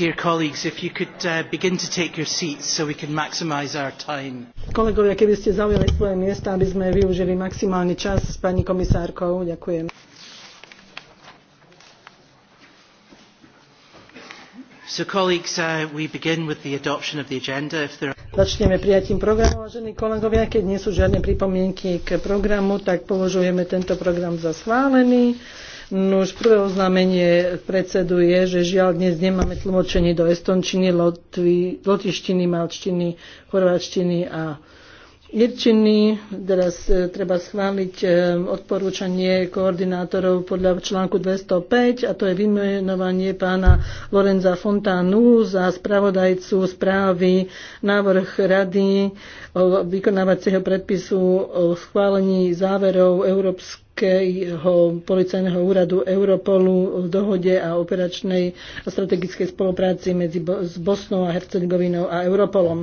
Dear colleagues, if you could uh, begin to take your seats so we can maximize our time. Kolegovia, keby ste zaujali svoje miesta, aby sme využili maximálny čas s pani komisárkou. Ďakujem. So colleagues, uh, we begin with the adoption of the agenda. If there are... Začneme prijatím programu, vážení kolegovia. Keď nie sú žiadne pripomienky k programu, tak považujeme tento program za schválený. No už prvé oznámenie predsedu je, že žiaľ dnes nemáme tlmočenie do estončiny, lotištiny, malčtiny, chorváčtiny a Irčiny, teraz e, treba schváliť e, odporúčanie koordinátorov podľa článku 205 a to je vymenovanie pána Lorenza Fontánu za spravodajcu správy návrh rady o vykonávacieho predpisu o schválení záverov Európskeho policajného úradu Europolu v dohode a operačnej a strategickej spolupráci medzi Bosnou a Hercegovinou a Europolom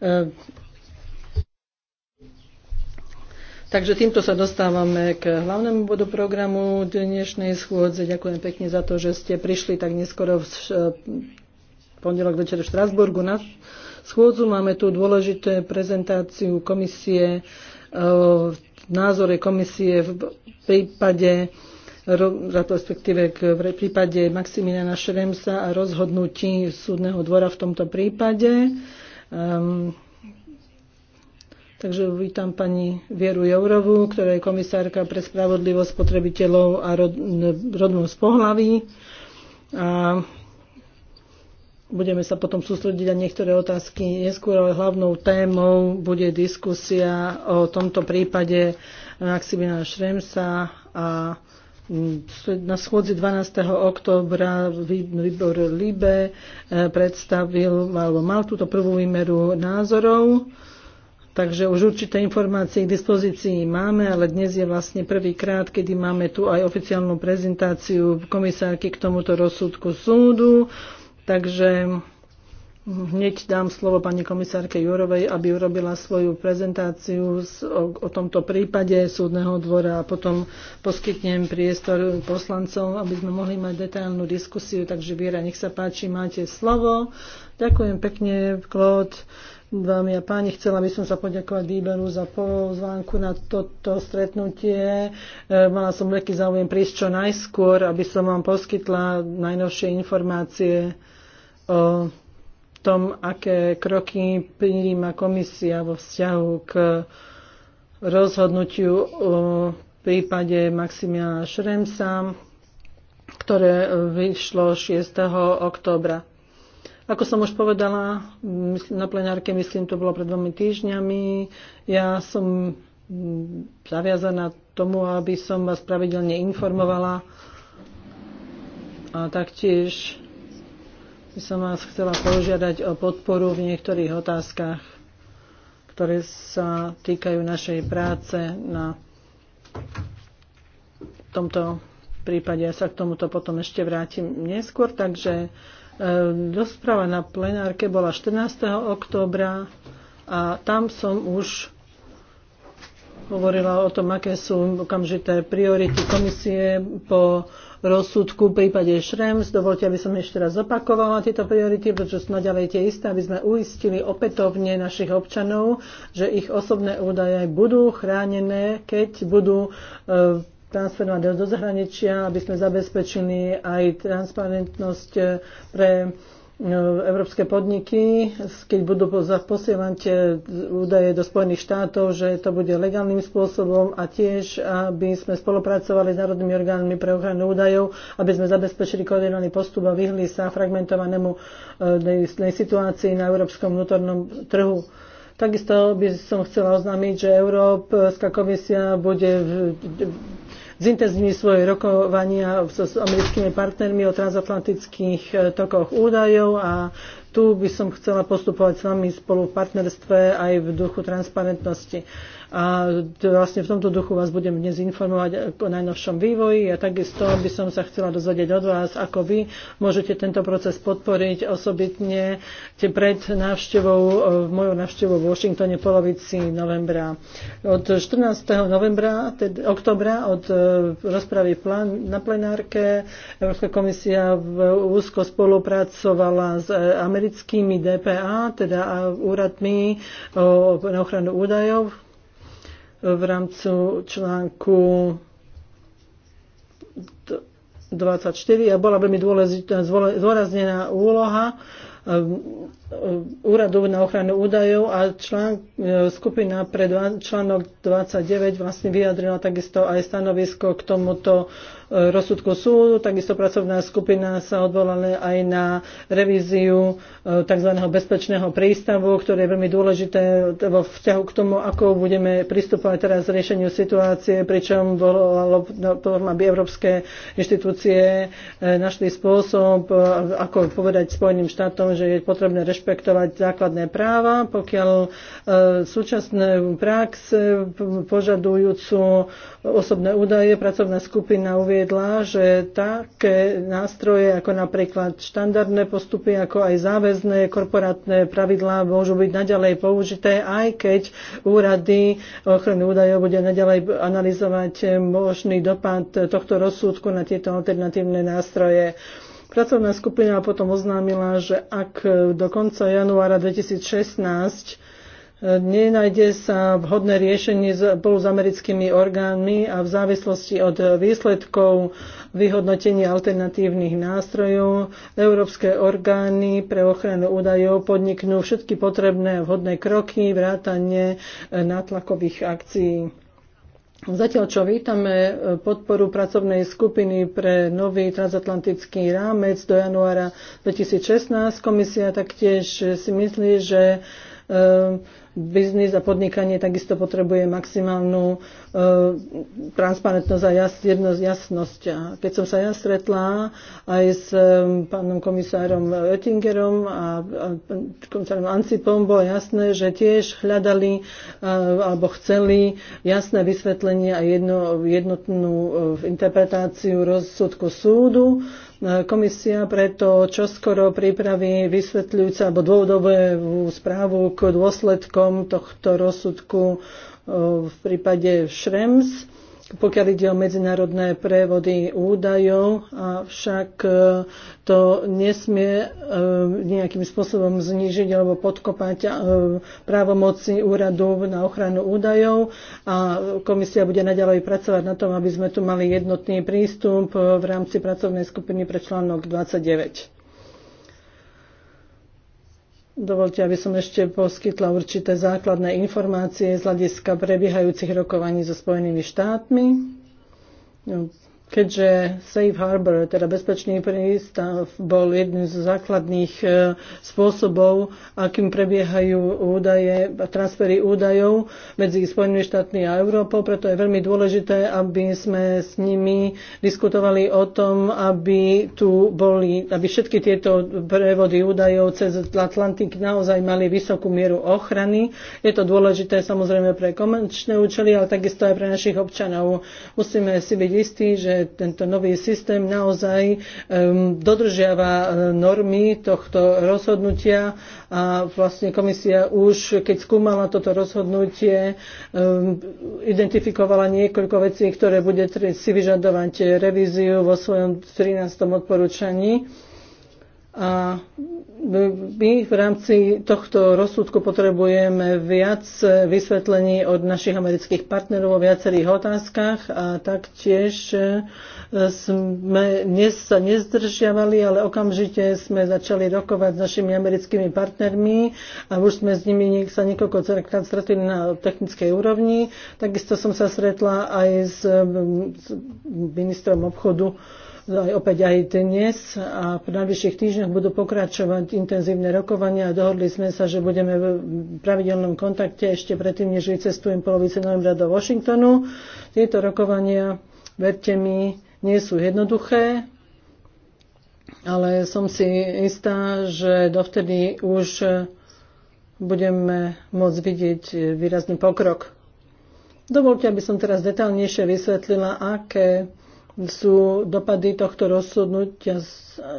e, Takže týmto sa dostávame k hlavnému bodu programu dnešnej schôdze. Ďakujem pekne za to, že ste prišli tak neskoro v pondelok večer v Štrasburgu na schôdzu. Máme tu dôležité prezentáciu komisie, e, názore komisie v prípade respektíve k prípade Maximiliana Šremsa a rozhodnutí súdneho dvora v tomto prípade. Um, Takže vítam pani Vieru Jourovú, ktorá je komisárka pre spravodlivosť spotrebiteľov a rodnú rodnosť pohlaví. A budeme sa potom sústrediť na niektoré otázky neskôr, ale hlavnou témou bude diskusia o tomto prípade Maximina Šremsa a mm, na schôdzi 12. oktobra výbor LIBE eh, predstavil, alebo mal túto prvú výmeru názorov Takže už určité informácie k dispozícii máme, ale dnes je vlastne prvýkrát, kedy máme tu aj oficiálnu prezentáciu komisárky k tomuto rozsudku súdu. Takže Hneď dám slovo pani komisárke Jurovej, aby urobila svoju prezentáciu o, tomto prípade súdneho dvora a potom poskytnem priestor poslancov, aby sme mohli mať detailnú diskusiu. Takže Viera, nech sa páči, máte slovo. Ďakujem pekne, Klód. Dámy a páni, chcela by som sa poďakovať Výberu za pozvánku na toto stretnutie. E, mala som veľký záujem prísť čo najskôr, aby som vám poskytla najnovšie informácie o tom, aké kroky príjima komisia vo vzťahu k rozhodnutiu o prípade Maximiana Šremsa, ktoré vyšlo 6. októbra. Ako som už povedala, na plenárke, myslím, to bolo pred dvomi týždňami, ja som mm, zaviazaná tomu, aby som vás pravidelne informovala a taktiež by som vás chcela požiadať o podporu v niektorých otázkach, ktoré sa týkajú našej práce na tomto prípade. Ja sa k tomuto potom ešte vrátim neskôr, takže Ehm, rozpráva na plenárke bola 14. októbra a tam som už hovorila o tom, aké sú okamžité priority komisie po rozsudku v prípade Šrems. Dovolte, aby som ešte raz opakovala tieto priority, pretože sú naďalej tie isté, aby sme uistili opätovne našich občanov, že ich osobné údaje budú chránené, keď budú e, transferovať do zahraničia, aby sme zabezpečili aj transparentnosť eh, pre eh, európske podniky, keď budú posielať eh, údaje do Spojených štátov, že to bude legálnym spôsobom a tiež, aby sme spolupracovali s národnými orgánmi pre ochranu údajov, aby sme zabezpečili koordinovaný postup a vyhli sa fragmentovanému situácii na európskom vnútornom trhu. Takisto by som chcela oznámiť, že Európska komisia bude v zintenzívni svoje rokovania s americkými partnermi o transatlantických e, tokoch údajov a tu by som chcela postupovať s vami spolu v partnerstve aj v duchu transparentnosti a vlastne v tomto duchu vás budem dnes informovať o najnovšom vývoji a takisto by som sa chcela dozvedieť od vás, ako vy môžete tento proces podporiť osobitne pred návštevou, e, mojou návštevou v Washingtone polovici novembra. Od 14. novembra, teda oktobra, od e, rozpravy plán na plenárke Európska komisia úzko spolupracovala s e, americkými DPA, teda úradmi na ochranu údajov, v rámci článku 24 a bola veľmi zdôraznená úloha ehm, ehm, úradu na ochranu údajov a člán, e, skupina pre dva, článok 29 vlastne vyjadrila takisto aj stanovisko k tomuto rozsudku súdu. Takisto pracovná skupina sa odvolala aj na revíziu eh, tzv. bezpečného prístavu, ktoré je veľmi dôležité vo vzťahu k tomu, ako budeme pristupovať teraz k riešeniu situácie, pričom volalo no, aby európske inštitúcie eh, našli spôsob, eh, ako povedať Spojeným štátom, že je potrebné rešpektovať základné práva, pokiaľ súčasné prax požadujúcu osobné údaje pracovná skupina uvie uviedla, že také nástroje ako napríklad štandardné postupy, ako aj záväzné korporátne pravidlá môžu byť naďalej použité, aj keď úrady ochrany údajov bude naďalej analyzovať možný dopad tohto rozsudku na tieto alternatívne nástroje. Pracovná skupina potom oznámila, že ak do konca januára 2016 nenájde sa vhodné riešenie spolu s americkými orgánmi a v závislosti od výsledkov vyhodnotenia alternatívnych nástrojov európske orgány pre ochranu údajov podniknú všetky potrebné vhodné kroky vrátane e, nátlakových akcií. Zatiaľ, čo vítame e, podporu pracovnej skupiny pre nový transatlantický rámec do januára 2016, komisia taktiež si myslí, že e, biznis a podnikanie takisto potrebuje maximálnu e, transparentnosť a jas, jednosť, jasnosť. A keď som sa ja stretla aj s e, pánom komisárom Oettingerom a, a komisárom Ancipom, bolo jasné, že tiež hľadali e, alebo chceli jasné vysvetlenie a jedno, jednotnú e, interpretáciu rozsudku súdu. E, Komisia preto čoskoro pripraví vysvetľujúce alebo dôvodovú správu k dôsledkom tohto rozsudku eh, v prípade Šrems pokiaľ ide o medzinárodné prevody údajov, avšak e, to nesmie e, nejakým spôsobom znížiť alebo podkopať e, právomoci úradu na ochranu údajov a komisia bude naďalej pracovať na tom, aby sme tu mali jednotný prístup v rámci pracovnej skupiny pre článok 29. Dovolte, aby som ešte poskytla určité základné informácie z hľadiska prebiehajúcich rokovaní so Spojenými štátmi keďže Safe Harbor, teda bezpečný prístav, bol jedným z základných e, spôsobov, akým prebiehajú údaje, transfery údajov medzi Spojenými štátmi a Európou, preto je veľmi dôležité, aby sme s nimi diskutovali o tom, aby tu boli, aby všetky tieto prevody údajov cez Atlantik naozaj mali vysokú mieru ochrany. Je to dôležité samozrejme pre komerčné účely, ale takisto aj pre našich občanov. Musíme si byť istí, že tento nový systém naozaj um, dodržiava eh, normy tohto rozhodnutia a vlastne komisia už, keď skúmala toto rozhodnutie, um, identifikovala niekoľko vecí, ktoré bude si vyžadovať revíziu vo svojom 13. odporúčaní a my v rámci tohto rozsudku potrebujeme viac vysvetlení od našich amerických partnerov o viacerých otázkach a taktiež e, sme dnes sa nezdržiavali, ale okamžite sme začali rokovať s našimi americkými partnermi a už sme s nimi sa niekoľko krát stretli na technickej úrovni. Takisto som sa stretla aj s ministrom obchodu aj opäť aj dnes a v najbližších týždňoch budú pokračovať intenzívne rokovania a dohodli sme sa, že budeme v pravidelnom kontakte ešte predtým, než vycestujem polovice novembra do Washingtonu. Tieto rokovania, verte mi, nie sú jednoduché, ale som si istá, že dovtedy už budeme môcť vidieť výrazný pokrok. Dovolte, aby som teraz detálnejšie vysvetlila, aké sú dopady tohto rozhodnutia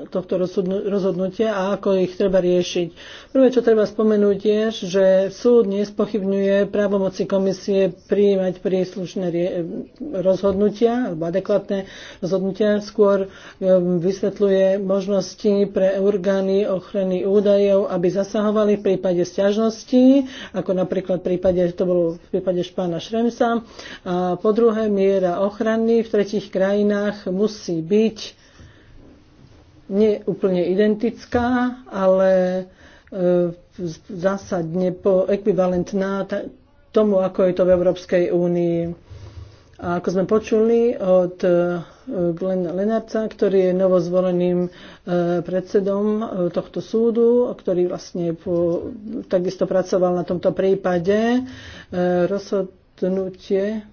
tohto rozhodnutia a ako ich treba riešiť. Prvé, čo treba spomenúť, je, že súd nespochybňuje právomoci komisie prijímať príslušné rozhodnutia alebo adekvátne rozhodnutia. Skôr um, vysvetľuje možnosti pre orgány ochrany údajov, aby zasahovali v prípade stiažnosti, ako napríklad v prípade, to bolo v prípade špána Šremsa. A po druhé, miera ochrany v tretich krajinách musí byť nie úplne identická, ale e, zásadne po, ekvivalentná tomu, ako je to v Európskej únii. A ako sme počuli od e, Glena Lenarca, ktorý je novozvoleným e, predsedom tohto súdu, ktorý vlastne po, takisto pracoval na tomto prípade, rozhodnutie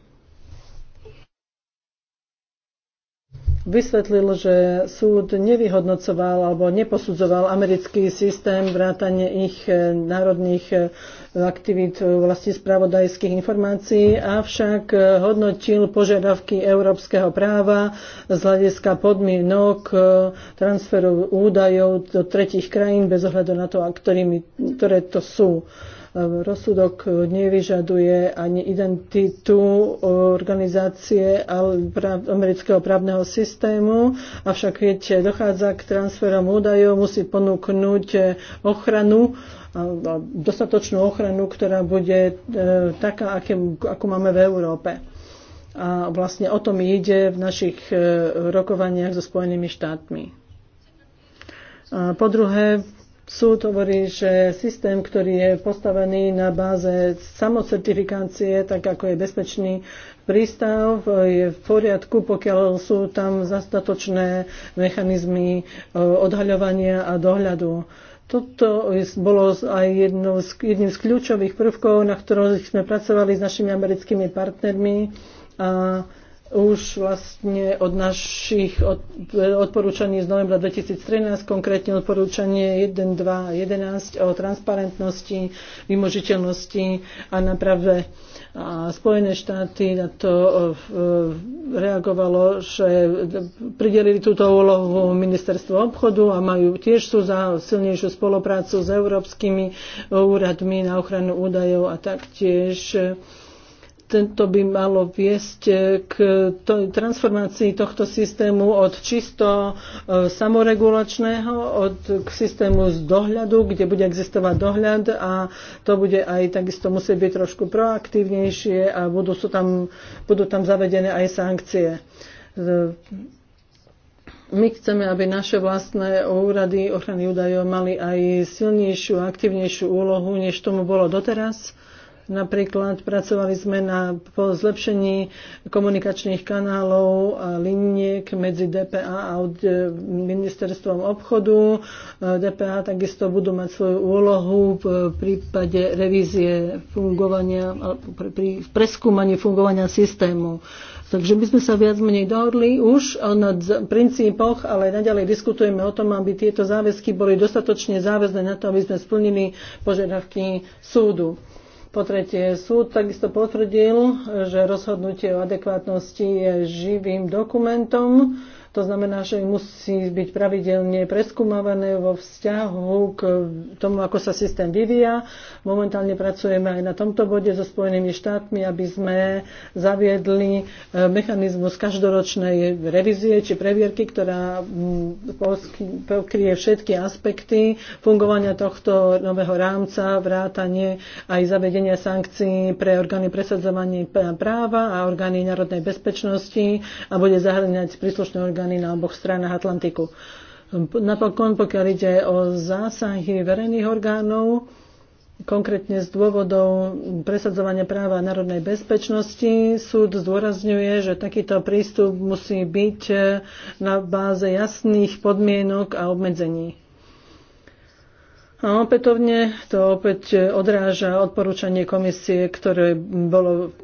vysvetlil, že súd nevyhodnocoval alebo neposudzoval americký systém vrátane ich e, národných e, aktivít e, vlastne spravodajských informácií, avšak hodnotil požiadavky európskeho práva z hľadiska podmienok transferu údajov do tretich krajín bez ohľadu na to, ktorými, ktoré to sú. Rozsudok nevyžaduje ani identitu organizácie amerického právneho systému, avšak keď dochádza k transferom údajov, musí ponúknuť ochranu dostatočnú ochranu, ktorá bude e, taká, akú máme v Európe. A vlastne o tom ide v našich e, rokovaniach so Spojenými štátmi. Po druhé, Súd hovorí, že systém, ktorý je postavený na báze samocertifikácie, tak ako je bezpečný prístav, je v poriadku, pokiaľ sú tam zastatočné mechanizmy e, odhaľovania a dohľadu. Toto bolo aj jednou z, jedným z kľúčových prvkov, na ktorých sme pracovali s našimi americkými partnermi a už vlastne od našich odporúčaní z novembra 2013, konkrétne odporúčanie 1, 2, 11 o transparentnosti, vymožiteľnosti a naprave a Spojené štáty na to e, e, reagovalo, že pridelili túto úlohu ministerstvo obchodu a majú tiež sú za silnejšiu spoluprácu s európskymi úradmi na ochranu údajov a taktiež tento by malo viesť eh, k transformácii tohto systému od čisto eh, samoregulačného od, k systému z dohľadu, kde bude existovať dohľad a to bude aj takisto musieť byť trošku proaktívnejšie a budú, sú tam, budú tam zavedené aj sankcie. Eh, my chceme, aby naše vlastné úrady ochrany údajov mali aj silnejšiu, aktívnejšiu úlohu, než tomu bolo doteraz Napríklad pracovali sme na po zlepšení komunikačných kanálov a liniek medzi DPA a e, ministerstvom obchodu. E, DPA takisto budú mať svoju úlohu v prípade revízie fungovania, alebo pri preskúmaní fungovania systému. Takže my sme sa viac menej dohodli už na princípoch, ale naďalej diskutujeme o tom, aby tieto záväzky boli dostatočne záväzné na to, aby sme splnili požiadavky súdu. Po tretie, súd takisto potvrdil, že rozhodnutie o adekvátnosti je živým dokumentom, to znamená, že musí byť pravidelne preskúmavané vo vzťahu k tomu, ako sa systém vyvíja. Momentálne pracujeme aj na tomto bode so Spojenými štátmi, aby sme zaviedli e, mechanizmus každoročnej revízie či previerky, ktorá mm, pokrie všetky aspekty fungovania tohto nového rámca, vrátanie aj zavedenia sankcií pre orgány presadzovania práva a orgány národnej bezpečnosti a bude zahrňať príslušné orgány oceány na oboch stranách Atlantiku. Napokon, pokiaľ ide o zásahy verejných orgánov, konkrétne z dôvodov presadzovania práva národnej bezpečnosti. Súd zdôrazňuje, že takýto prístup musí byť eh, na báze jasných podmienok a obmedzení. A opätovne to opäť odráža odporúčanie komisie, ktoré bolo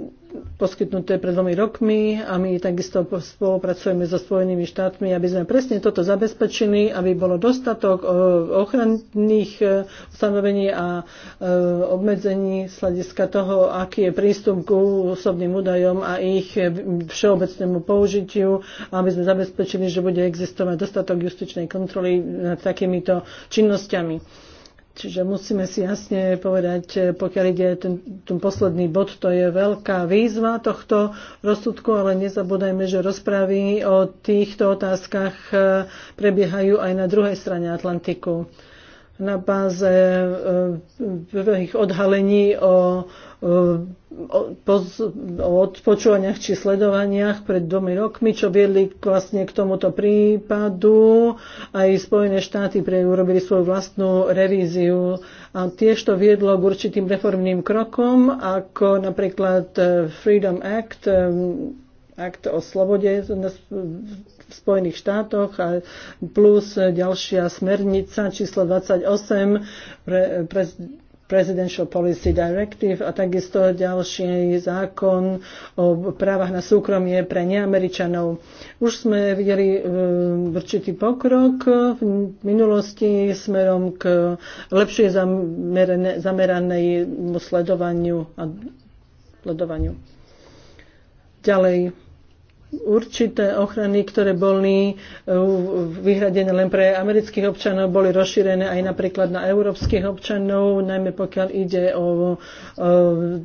poskytnuté pred dvomi rokmi a my takisto spolupracujeme so Spojenými štátmi, aby sme presne toto zabezpečili, aby bolo dostatok e, ochranných e, ustanovení a e, obmedzení z hľadiska toho, aký je prístup k osobným údajom a ich všeobecnému použitiu, aby sme zabezpečili, že bude existovať dostatok justičnej kontroly nad takýmito činnosťami. Čiže musíme si jasne povedať, e, pokiaľ ide ten, ten posledný bod, to je veľká výzva tohto rozsudku, ale nezabúdajme, že rozpravy o týchto otázkach e, prebiehajú aj na druhej strane Atlantiku na báze prvých e, odhalení o o odpočúvaniach či sledovaniach pred dvomi rokmi, čo viedli vlastne k tomuto prípadu. Aj Spojené štáty pre, urobili svoju vlastnú revíziu a tiež to viedlo k určitým reformným krokom, ako napríklad e, Freedom Act, e, akt o slobode v Spojených štátoch a plus e, ďalšia smernica číslo 28 pre, pre Presidential Policy Directive a takisto ďalší zákon o právach na súkromie pre neameričanov. Už sme videli e, určitý pokrok v minulosti smerom k lepšie zameranej sledovaniu a sledovaniu. Ďalej určité ochrany, ktoré boli e, vyhradené len pre amerických občanov, boli rozšírené aj napríklad na európskych občanov, najmä pokiaľ ide o,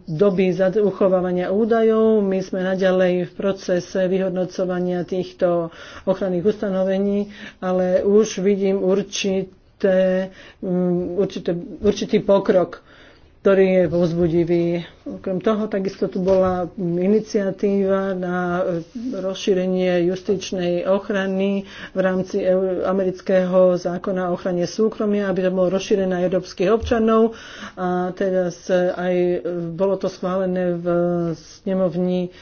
doby uchovávania údajov. My sme naďalej v procese vyhodnocovania týchto ochranných ustanovení, ale už vidím určité, mm, určité, určitý pokrok ktorý je povzbudivý. Okrem toho takisto tu bola iniciatíva na rozšírenie justičnej ochrany v rámci e, amerického zákona o ochrane súkromia, aby to bolo rozšírené aj európskych občanov. A teraz e, aj e, bolo to schválené v snemovni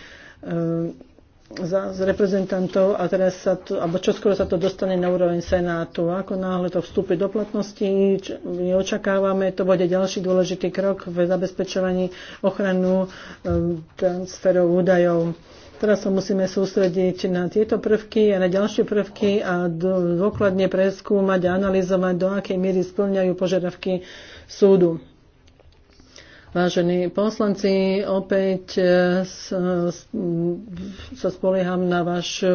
za, z reprezentantov a teraz sa to, alebo čoskoro sa to dostane na úroveň Senátu. Ako náhle to vstúpi do platnosti, čo my očakávame, to bude ďalší dôležitý krok v zabezpečovaní ochranu um, transferov údajov. Teraz sa musíme sústrediť na tieto prvky a na ďalšie prvky a dôkladne preskúmať a analyzovať, do akej miery splňajú požiadavky súdu. Vážení poslanci, opäť e, e, sa spolieham na váš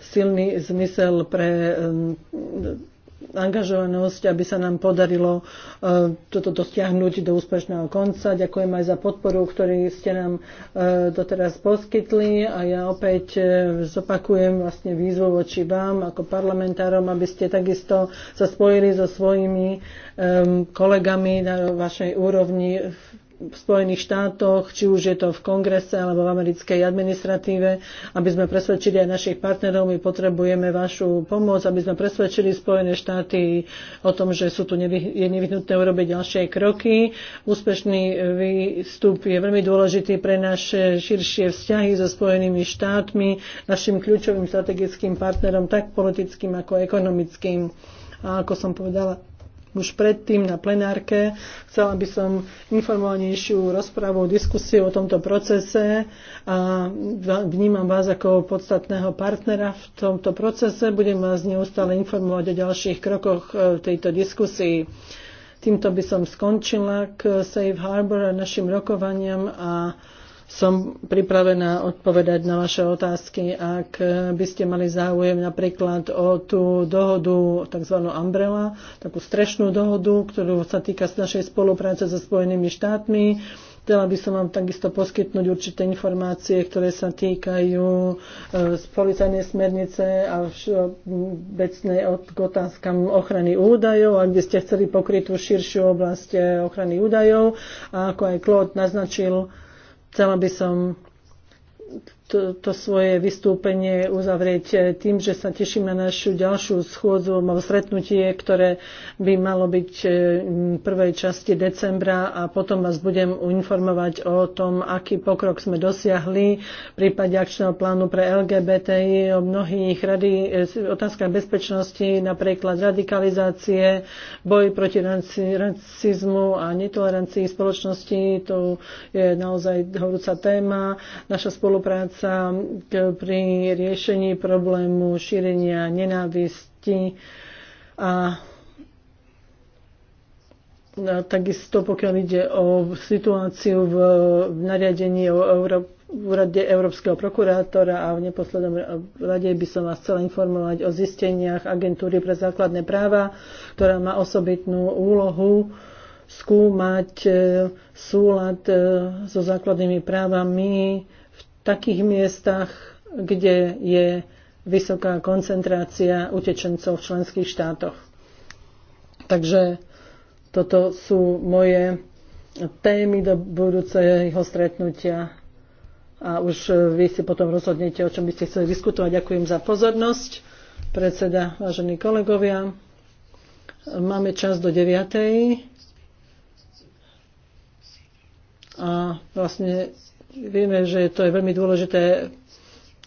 silný zmysel pre e, angažovanosť, aby sa nám podarilo e, toto dotiahnuť do úspešného konca. Ďakujem aj za podporu, ktorý ste nám e, doteraz poskytli a ja opäť e, zopakujem vlastne výzvu voči vám ako parlamentárom, aby ste takisto sa spojili so svojimi kolegami na vašej úrovni v v Spojených štátoch, či už je to v kongrese alebo v americkej administratíve, aby sme presvedčili aj našich partnerov. My potrebujeme vašu pomoc, aby sme presvedčili Spojené štáty o tom, že sú tu nevy, je nevyhnutné urobiť ďalšie kroky. Úspešný výstup je veľmi dôležitý pre naše širšie vzťahy so Spojenými štátmi, našim kľúčovým strategickým partnerom, tak politickým ako ekonomickým. A ako som povedala, už predtým na plenárke. Chcela by som informovanejšiu rozpravu, diskusiu o tomto procese a vnímam vás ako podstatného partnera v tomto procese. Budem vás neustále informovať o ďalších krokoch e, tejto diskusii. Týmto by som skončila k Safe Harbor a našim rokovaniam a som pripravená odpovedať na vaše otázky, ak by ste mali záujem napríklad o tú dohodu, tzv. umbrella, takú strešnú dohodu, ktorú sa týka našej spolupráce so Spojenými štátmi. Chcela by som vám takisto poskytnúť určité informácie, ktoré sa týkajú e, z policajnej smernice a vecnej k otázkam ochrany údajov, ak by ste chceli pokryť tú širšiu oblasť e, ochrany údajov. A ako aj Claude naznačil, Chcela by som to svoje vystúpenie uzavrieť eh, tým, že sa tešíme na našu ďalšiu schôdzu alebo stretnutie, ktoré by malo byť eh, v prvej časti decembra a potom vás budem informovať o tom, aký pokrok sme dosiahli v prípade akčného plánu pre LGBTI o mnohých rady, eh, otázkach bezpečnosti, napríklad radikalizácie, boj proti racizmu a netolerancii spoločnosti. To je naozaj horúca téma. Naša spolupráca k, pri riešení problému šírenia nenávisti a takisto pokiaľ ide o situáciu v, v nariadení o Európe úrade Európskeho prokurátora a v neposlednom rade by som vás chcela informovať o zisteniach agentúry pre základné práva, ktorá má osobitnú úlohu skúmať e, súlad e, so základnými právami takých miestach, kde je vysoká koncentrácia utečencov v členských štátoch. Takže toto sú moje témy do budúceho stretnutia a už eh, vy si potom rozhodnete, o čom by ste chceli diskutovať. Ďakujem za pozornosť, predseda, vážení kolegovia. Máme čas do 9. A vlastne vieme, že to je veľmi dôležité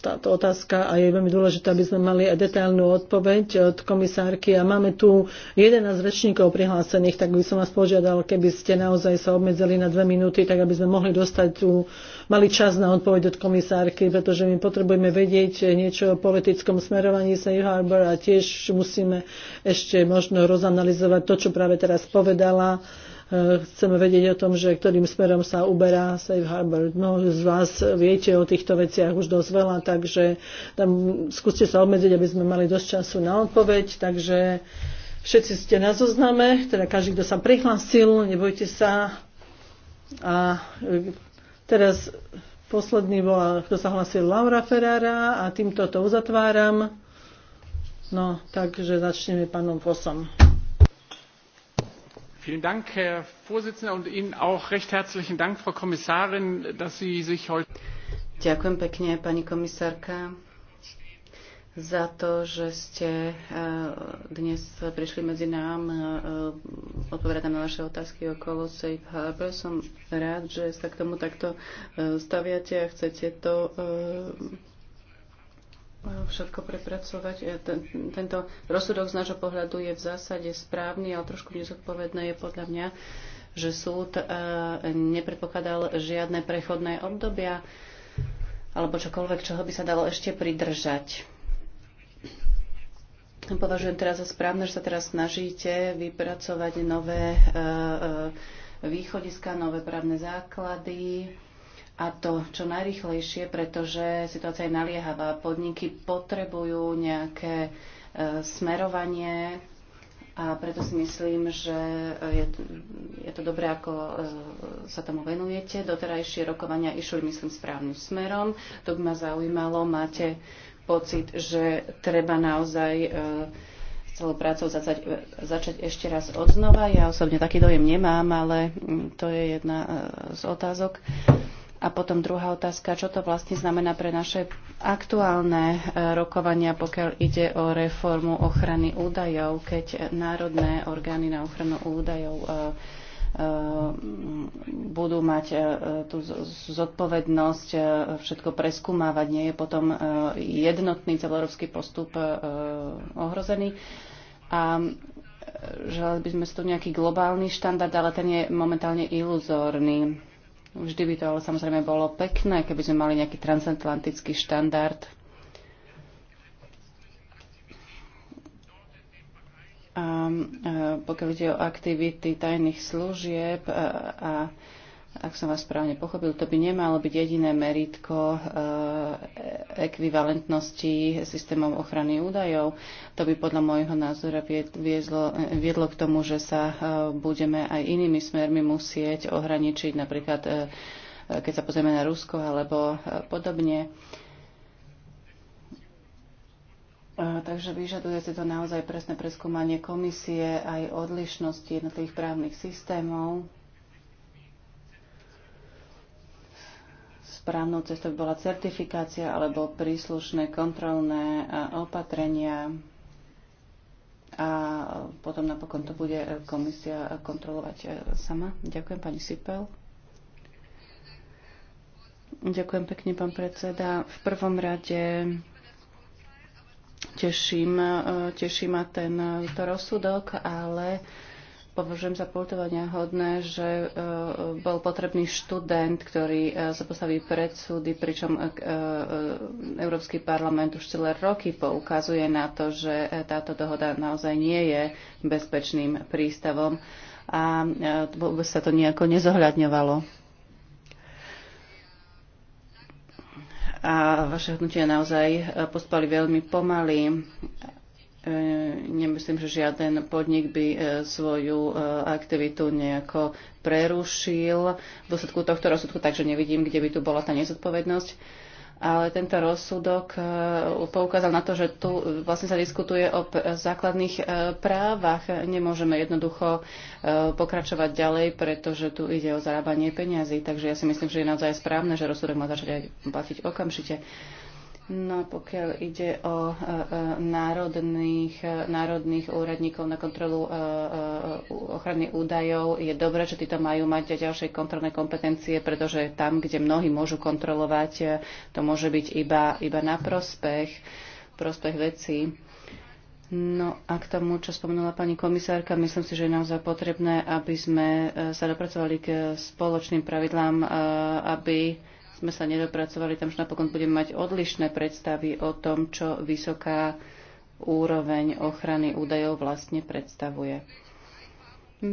táto otázka a je veľmi dôležité, aby sme mali aj detailnú odpoveď od komisárky. A máme tu 11 rečníkov prihlásených, tak by som vás požiadal, keby ste naozaj sa obmedzili na dve minúty, tak aby sme mohli dostať tu, mali čas na odpoveď od komisárky, pretože my potrebujeme vedieť niečo o politickom smerovaní Safe Harbor a tiež musíme ešte možno rozanalizovať to, čo práve teraz povedala Eh, chceme vedieť o tom, že ktorým smerom sa uberá Safe Harbor. No, z vás viete o týchto veciach už dosť veľa, takže tam skúste sa obmedziť, aby sme mali dosť času na odpoveď. Takže všetci ste na zozname, teda každý, kto sa prihlásil, nebojte sa. A eh, teraz posledný bola, kto sa hlasil, Laura Ferrara a týmto to uzatváram. No, takže začneme pánom Fosom. Vielen Dank, Herr Vorsitzender, und Ihnen auch recht herzlichen Dank, Frau Kommissarin, dass Sie sich heute. Ďakujem pekne, pani komisárka, za to, že ste e, dnes prišli medzi nám e, odpovedať na naše otázky okolo Safe Harbor. Som rád, že sa k tomu takto e, staviate a chcete to všetko prepracovať. E, tento rozsudok z nášho pohľadu je v zásade správny, ale trošku nezodpovedné je podľa mňa, že súd e, nepredpokladal žiadne prechodné obdobia alebo čokoľvek, čoho by sa dalo ešte pridržať. Považujem teraz za správne, že sa teraz snažíte vypracovať nové e, východiska, nové právne základy a to čo najrychlejšie, pretože situácia je naliehavá. Podniky potrebujú nejaké e, smerovanie a preto si myslím, že e, je, je to dobré, ako e, sa tomu venujete. Doterajšie rokovania išli, myslím, správnym smerom. To by ma zaujímalo. Máte pocit, že treba naozaj s celou prácou začať, začať ešte raz od znova. Ja osobne taký dojem nemám, ale mm, to je jedna z otázok. A potom druhá otázka, čo to vlastne znamená pre naše aktuálne e, rokovania, pokiaľ ide o reformu ochrany údajov, keď národné orgány na ochranu údajov e, e, budú mať tú zodpovednosť všetko preskúmávať. Nie je potom jednotný celorovský postup ohrozený. A želali by sme tu nejaký globálny štandard, ale ten je momentálne iluzórny Vždy by to ale samozrejme bolo pekné, keby sme mali nejaký transatlantický štandard. A pokiaľ ide o aktivity tajných služieb a, a ak som vás správne pochopil, to by nemalo byť jediné meritko e, ekvivalentnosti systémov ochrany údajov. To by podľa môjho názora viedlo, e, viedlo k tomu, že sa e, budeme aj inými smermi musieť ohraničiť, napríklad keď sa pozrieme na Rusko alebo podobne. Takže vyžaduje si to naozaj presné preskúmanie komisie aj odlišnosti jednotlivých právnych systémov správnou cestou by bola certifikácia alebo príslušné kontrolné e, opatrenia a potom napokon to bude komisia kontrolovať e, sama. Ďakujem pani Sipel. Ďakujem pekne, pán predseda. V prvom rade teším, e, teší ma ten to rozsudok, ale Považujem za poltovania hodné, že e, bol potrebný študent, ktorý e, sa postaví pred súdy, pričom e, Európsky parlament už celé roky poukazuje na to, že táto dohoda naozaj nie je bezpečným prístavom a vôbec sa to nejako nezohľadňovalo. A vaše hnutie naozaj pospali veľmi pomaly E, nemyslím, že žiaden podnik by e, svoju e, aktivitu nejako prerušil v dôsledku tohto rozsudku, takže nevidím, kde by tu bola tá nezodpovednosť. Ale tento rozsudok poukázal na to, že tu vlastne sa diskutuje o základných právach. Nemôžeme jednoducho pokračovať ďalej, pretože tu ide o zarábanie peniazy. Takže ja si myslím, že je naozaj správne, že rozsudok má začať aj platiť okamžite. No pokiaľ ide o e, e, národných, e, národných úradníkov na kontrolu ochrany údajov, je dobré, že títo majú mať ďalšie kontrolné kompetencie, pretože tam, kde mnohí môžu kontrolovať, to môže byť iba, iba na prospech, prospech vecí. No a k tomu, čo spomenula pani komisárka, myslím si, že je naozaj potrebné, aby sme sa dopracovali k spoločným pravidlám, aby sme sa nedopracovali, tam už napokon budeme mať odlišné predstavy o tom, čo vysoká úroveň ochrany údajov vlastne predstavuje.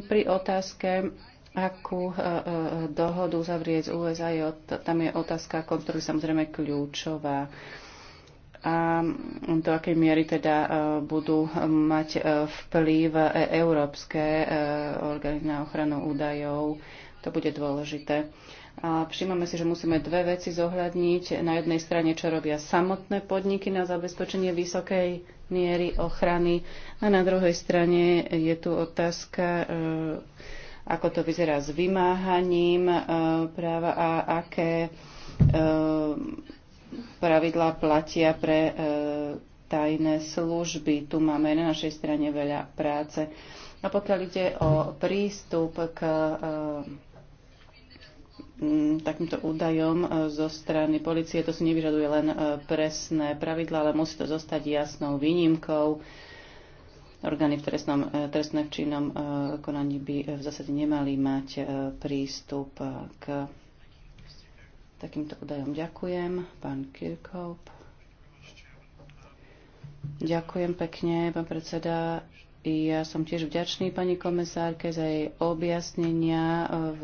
Pri otázke, akú e, e, dohodu zavrieť z USA, je, tam je otázka kontroly samozrejme kľúčová a do akej miery teda e, budú mať vplyv európske orgány na ochranu údajov. To bude dôležité. A všímame si, že musíme dve veci zohľadniť. Na jednej strane, čo robia samotné podniky na zabezpečenie vysokej miery ochrany. A na druhej strane je tu otázka, e, ako to vyzerá s vymáhaním e, práva a aké e, pravidlá platia pre tajné služby. Tu máme na našej strane veľa práce. A pokiaľ ide o prístup k takýmto údajom e, zo strany policie. To si nevyžaduje len e, presné pravidla, ale musí to zostať jasnou výnimkou. Orgány v trestnom, e, trestnom činnom konaní by v zásade nemali mať prístup k takýmto údajom. Ďakujem, pán Kirkhope. Ďakujem pekne, pán predseda. Ja som tiež vďačný pani komisárke za jej objasnenia v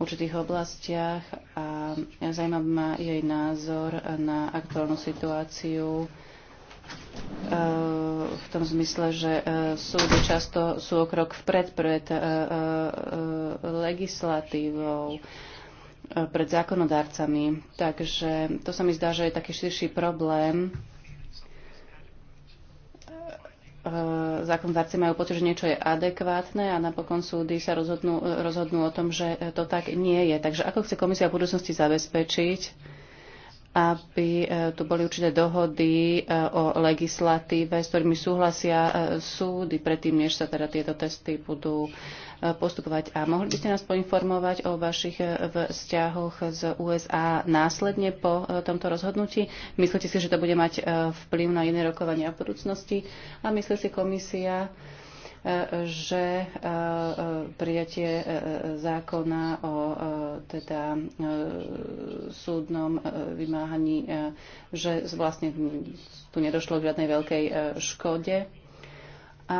určitých oblastiach a zaujímav ma jej názor na aktuálnu situáciu e, v tom zmysle, že e, súdy často sú o krok vpred pred e, legislatívou, pred zákonodárcami. Takže to sa mi zdá, že je taký širší problém, E, zákonodárci majú pocit, že niečo je adekvátne a napokon súdy sa rozhodnú, rozhodnú o tom, že to tak nie je. Takže ako chce komisia v budúcnosti zabezpečiť, aby e, tu boli určité dohody e, o legislatíve, s ktorými súhlasia e, súdy predtým, než sa teda tieto testy budú postupovať. A mohli by ste nás poinformovať o vašich vzťahoch z USA následne po tomto rozhodnutí? Myslíte si, že to bude mať vplyv na iné rokovania v budúcnosti? A myslí si komisia, že e, e, prijatie e, zákona o teda súdnom vymáhaní, že vlastne tu nedošlo k žiadnej veľkej škode. A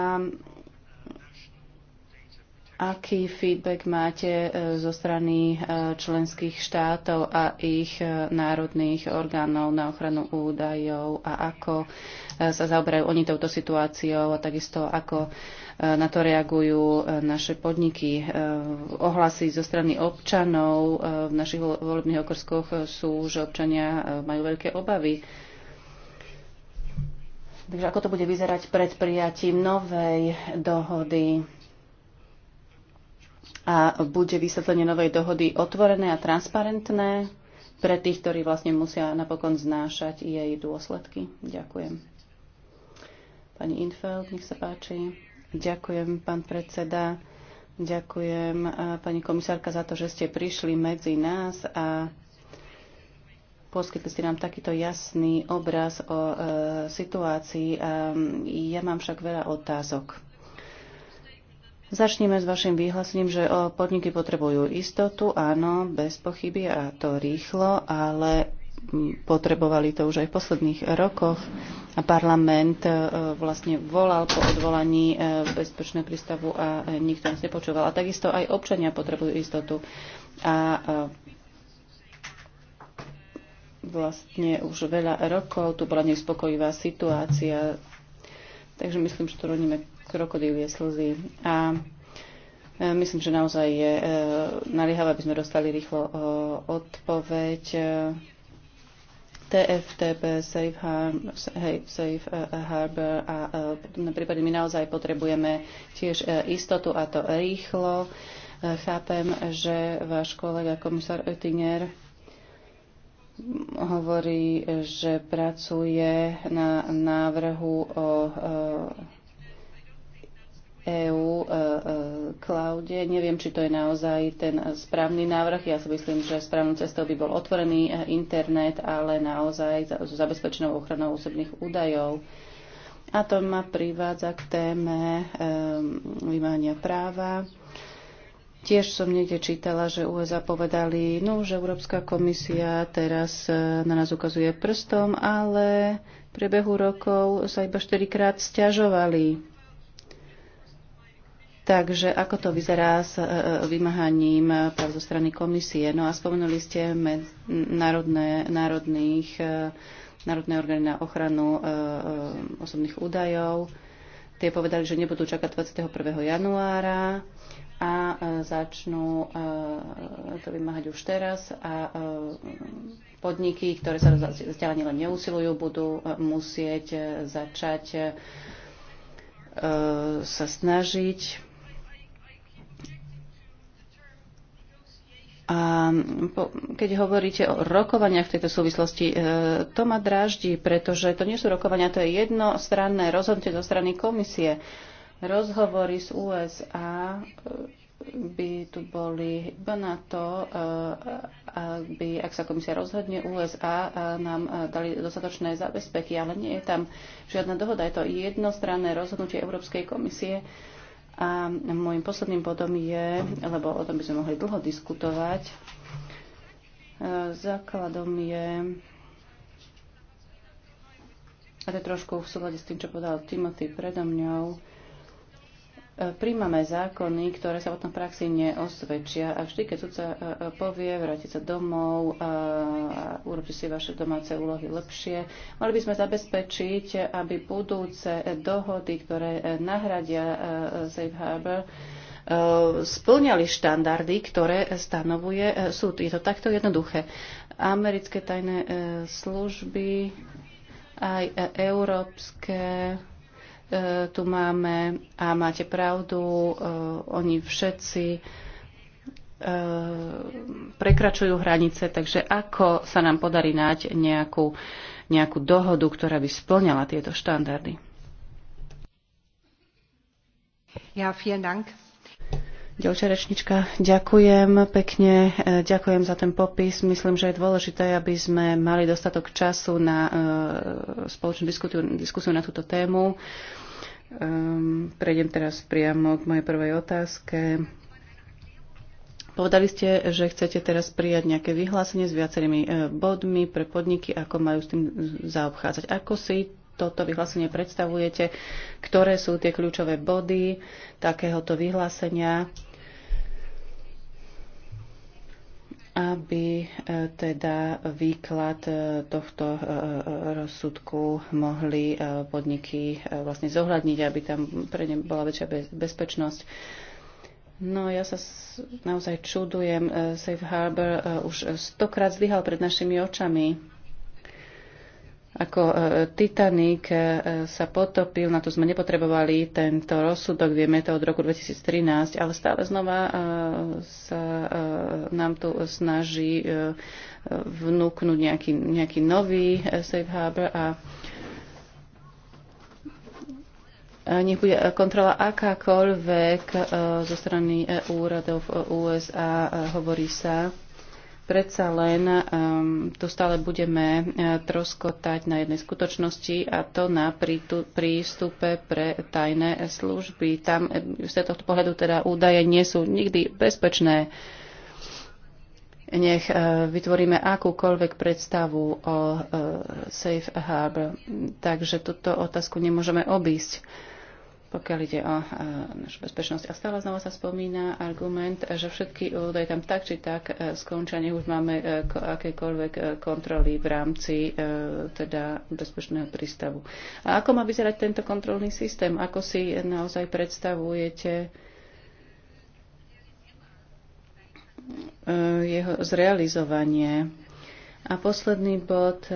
Aký feedback máte e, zo strany e, členských štátov a ich e, národných orgánov na ochranu údajov a ako sa zaoberajú oni touto situáciou a takisto ako na to reagujú naše podniky. Ohlasy zo strany občanov v našich volebných okrskoch sú, že občania majú veľké obavy Takže ako to bude vyzerať pred prijatím novej dohody a bude vysvetlenie novej dohody otvorené a transparentné pre tých, ktorí vlastne musia napokon znášať jej dôsledky. Ďakujem. Pani Infeld, nech sa páči. Ďakujem, pán predseda. Ďakujem, pani komisárka, za to, že ste prišli medzi nás a poskytli ste nám takýto jasný obraz o e, situácii. E, ja mám však veľa otázok. Začneme s vašim vyhlasením, že podniky potrebujú istotu, áno, bez pochyby a to rýchlo, ale potrebovali to už aj v posledných rokoch a parlament e, vlastne volal po odvolaní e, bezpečného prístavu a e, nikto nás nepočúval. A takisto aj občania potrebujú istotu. A vlastne už veľa rokov tu bola nespokojivá situácia Takže myslím, že to robíme krokodílie slzy. A e, myslím, že naozaj je e, naliehavé, aby sme dostali rýchlo e, odpoveď. TFTP, Safe, Harbor, Safe Harbor a na prípade My naozaj potrebujeme tiež istotu a to rýchlo. Chápem, že váš kolega komisár Oettinger hovorí, že pracuje na návrhu o EU e, e, Klaude. Neviem, či to je naozaj ten správny návrh. Ja si myslím, že správnou cestou by bol otvorený e, internet, ale naozaj s zabezpečenou ochranou osobných údajov. A to ma privádza k téme vymáhania práva. Tiež som niekde čítala, že USA povedali, no, že Európska komisia teraz na nás ukazuje prstom, ale v priebehu rokov sa iba 4 krát stiažovali Takže ako to vyzerá s e, e, vymáhaním e, práv zo strany komisie? No a spomenuli ste med, národné, národných, národné orgány na ochranu osobných údajov. Tie povedali, že nebudú čakať 21. januára a začnú to vymáhať už teraz a podniky, ktoré sa vzdelanie len neusilujú, budú musieť začať sa snažiť A keď hovoríte o rokovaniach v tejto súvislosti, e, to ma dráždi, pretože to nie sú rokovania, to je jednostranné rozhodnutie zo strany komisie. Rozhovory z USA e, by tu boli iba na to, e, aby, ak sa komisia rozhodne, USA nám dali dostatočné zabezpeky, ale nie je tam žiadna dohoda. Je to jednostranné rozhodnutie Európskej komisie, a môjim posledným bodom je, lebo o tom by sme mohli dlho diskutovať, e, základom je a to je trošku v súlade s tým, čo povedal Timothy predo mňou, E, príjmame zákony, ktoré sa potom v praxi neosvedčia a vždy, keď sudca e, e, povie, vrátiť sa domov a urobte si vaše domáce úlohy lepšie, mali by sme zabezpečiť, aby budúce dohody, ktoré nahradia Safe Harbor, splňali štandardy, ktoré stanovuje súd. Je to takto jednoduché. Americké tajné služby, aj európske E, tu máme, a máte pravdu, e, oni všetci e, prekračujú hranice, takže ako sa nám podarí nájsť nejakú, nejakú dohodu, ktorá by splňala tieto štandardy? Ja, vielen Dank. Ďalšia rečnička, ďakujem pekne, ďakujem za ten popis. Myslím, že je dôležité, aby sme mali dostatok času na spoločnú diskusiu, diskusiu na túto tému. Um, prejdem teraz priamo k mojej prvej otázke. Povedali ste, že chcete teraz prijať nejaké vyhlásenie s viacerými e, bodmi pre podniky, ako majú s tým zaobchádzať. Ako si toto vyhlásenie predstavujete? Ktoré sú tie kľúčové body takéhoto vyhlásenia? aby e, teda výklad e, tohto e, rozsudku mohli podniky vlastne zohľadniť, aby tam pre ne bola väčšia bezpečnosť. No ja sa naozaj čudujem. Safe Harbor už stokrát zlyhal pred našimi očami ako e, Titanic e, sa potopil, na to sme nepotrebovali tento rozsudok, vieme to od roku 2013, ale stále znova e, sa nám tu snaží vnúknuť nejaký, nejaký nový safe harbor a nech bude kontrola akákoľvek zo strany úradov USA, hovorí sa, predsa len um, tu stále budeme uh, troskotať na jednej skutočnosti a to na prítu, prístupe pre tajné služby. Tam eh, z tohto pohľadu teda údaje nie sú nikdy bezpečné. Nech uh, vytvoríme akúkoľvek predstavu o uh, Safe Harbor. Takže túto otázku nemôžeme obísť. Uh, pokiaľ ide o e, našu bezpečnosť. A stále znova sa spomína argument, že všetky údaje tam tak či tak e, skončia, nech už máme e, akékoľvek kontroly v rámci teda bezpečného prístavu. A ako má vyzerať tento kontrolný systém? Ako si naozaj predstavujete jeho zrealizovanie? A posledný bod,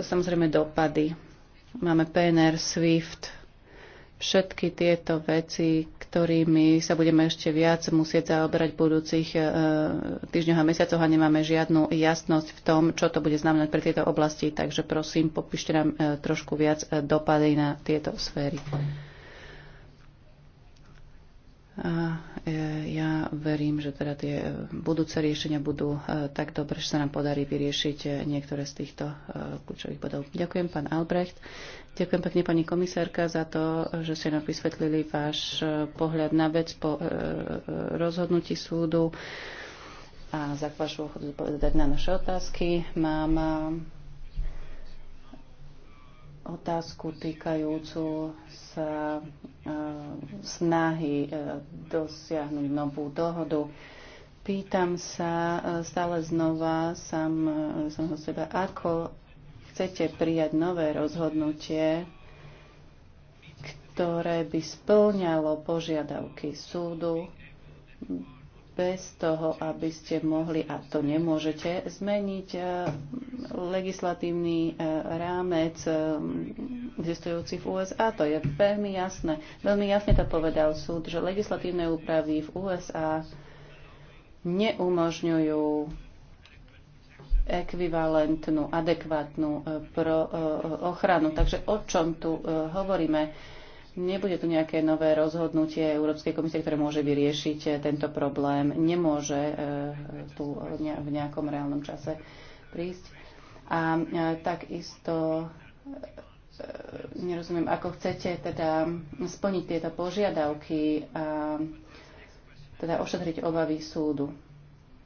samozrejme dopady. Máme PNR, SWIFT, všetky tieto veci, ktorými sa budeme ešte viac musieť zaoberať v budúcich e, týždňoch a mesiacoch a nemáme žiadnu jasnosť v tom, čo to bude znamenať pre tieto oblasti. Takže prosím, popíšte nám e, trošku viac e, dopady na tieto sféry. A ja verím, že teda tie budúce riešenia budú tak dobre, že sa nám podarí vyriešiť niektoré z týchto kľúčových bodov. Ďakujem, pán Albrecht. Ďakujem pekne pani komisárka za to, že ste nám vysvetlili váš e, pohľad na vec po e, e, rozhodnutí súdu a za vašu ochotu zodpovedať na naše otázky. Mám otázku týkajúcu sa snahy dosiahnuť novú dohodu. Pýtam sa stále znova sám, sám seba, ako chcete prijať nové rozhodnutie, ktoré by splňalo požiadavky súdu bez toho, aby ste mohli, a to nemôžete, zmeniť e, legislatívny e, rámec e, existujúci v USA. To je veľmi jasné. Veľmi jasne to povedal súd, že legislatívne úpravy v USA neumožňujú ekvivalentnú, adekvátnu e, pro e, ochranu. Takže o čom tu e, hovoríme? Nebude tu nejaké nové rozhodnutie Európskej komisie, ktoré môže vyriešiť tento problém. Nemôže tu v nejakom reálnom čase prísť. A takisto nerozumiem, ako chcete teda splniť tieto požiadavky a teda ošetriť obavy súdu.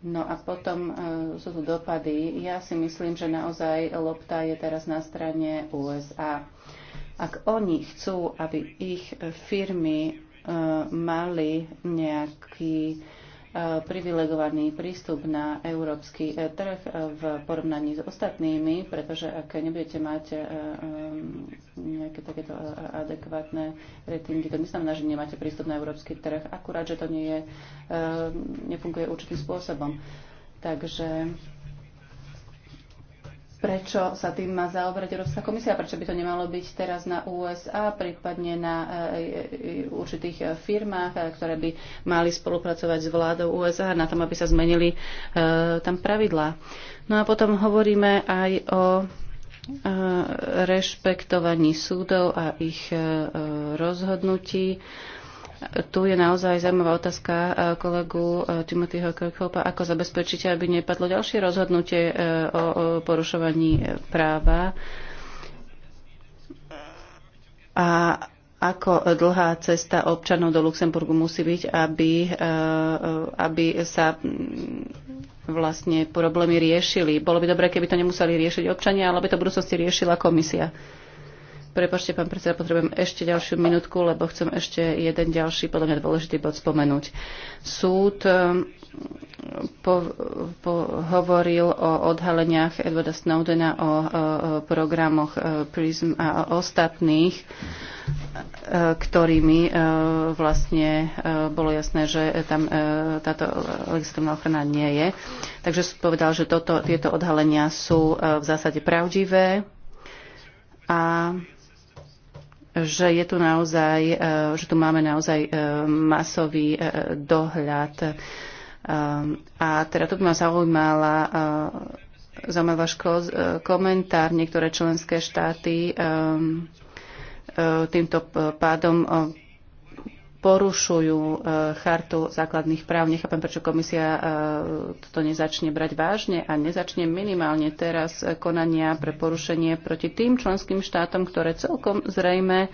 No a potom e, sú tu dopady. Ja si myslím, že naozaj lopta je teraz na strane USA. Ak oni chcú, aby ich firmy e, mali nejaký E, privilegovaný prístup na európsky e, trh e, v porovnaní s ostatnými, pretože ak nebudete mať nejaké takéto adekvátne ratingy, to neznamená, že nemáte prístup na európsky trh, akurát, že to nie je, nefunguje určitým spôsobom. Takže prečo sa tým má zaoberať Európska komisia, prečo by to nemalo byť teraz na USA, prípadne na e, e, e, určitých firmách, ktoré by mali spolupracovať s vládou USA na tom, aby sa zmenili tam pravidlá. No a potom hovoríme aj o rešpektovaní súdov a ich rozhodnutí. Tu je naozaj zaujímavá otázka e, kolegu e, Timothyho Kirkhopa, ako zabezpečíte, aby nepadlo ďalšie rozhodnutie e, o porušovaní práva a ako dlhá cesta občanov do Luxemburgu musí byť, aby, aby sa mm, vlastne problémy riešili. Bolo by dobré, keby to nemuseli riešiť občania, ale by to v budúcnosti riešila komisia. Prepašte, pán predseda, potrebujem ešte ďalšiu minútku, lebo chcem ešte jeden ďalší, podľa mňa dôležitý bod spomenúť. Súd ehm, po, po, hovoril o odhaleniach Edwarda Snowdena, o, o, o programoch e, PRISM a o ostatných, e, ktorými e, vlastne bolo jasné, že tam táto legislatívna ochrana nie je. Takže povedal, že toto, tieto odhalenia sú v zásade pravdivé a že je tu naozaj, e, že tu máme naozaj e, masový e, dohľad. A teda tu by ma zaujímala zaujímavý váš komentár. Niektoré členské štáty týmto pádom porušujú e, chartu základných práv. Nechápem, prečo komisia e, toto nezačne brať vážne a nezačne minimálne teraz konania pre porušenie proti tým členským štátom, ktoré celkom zrejme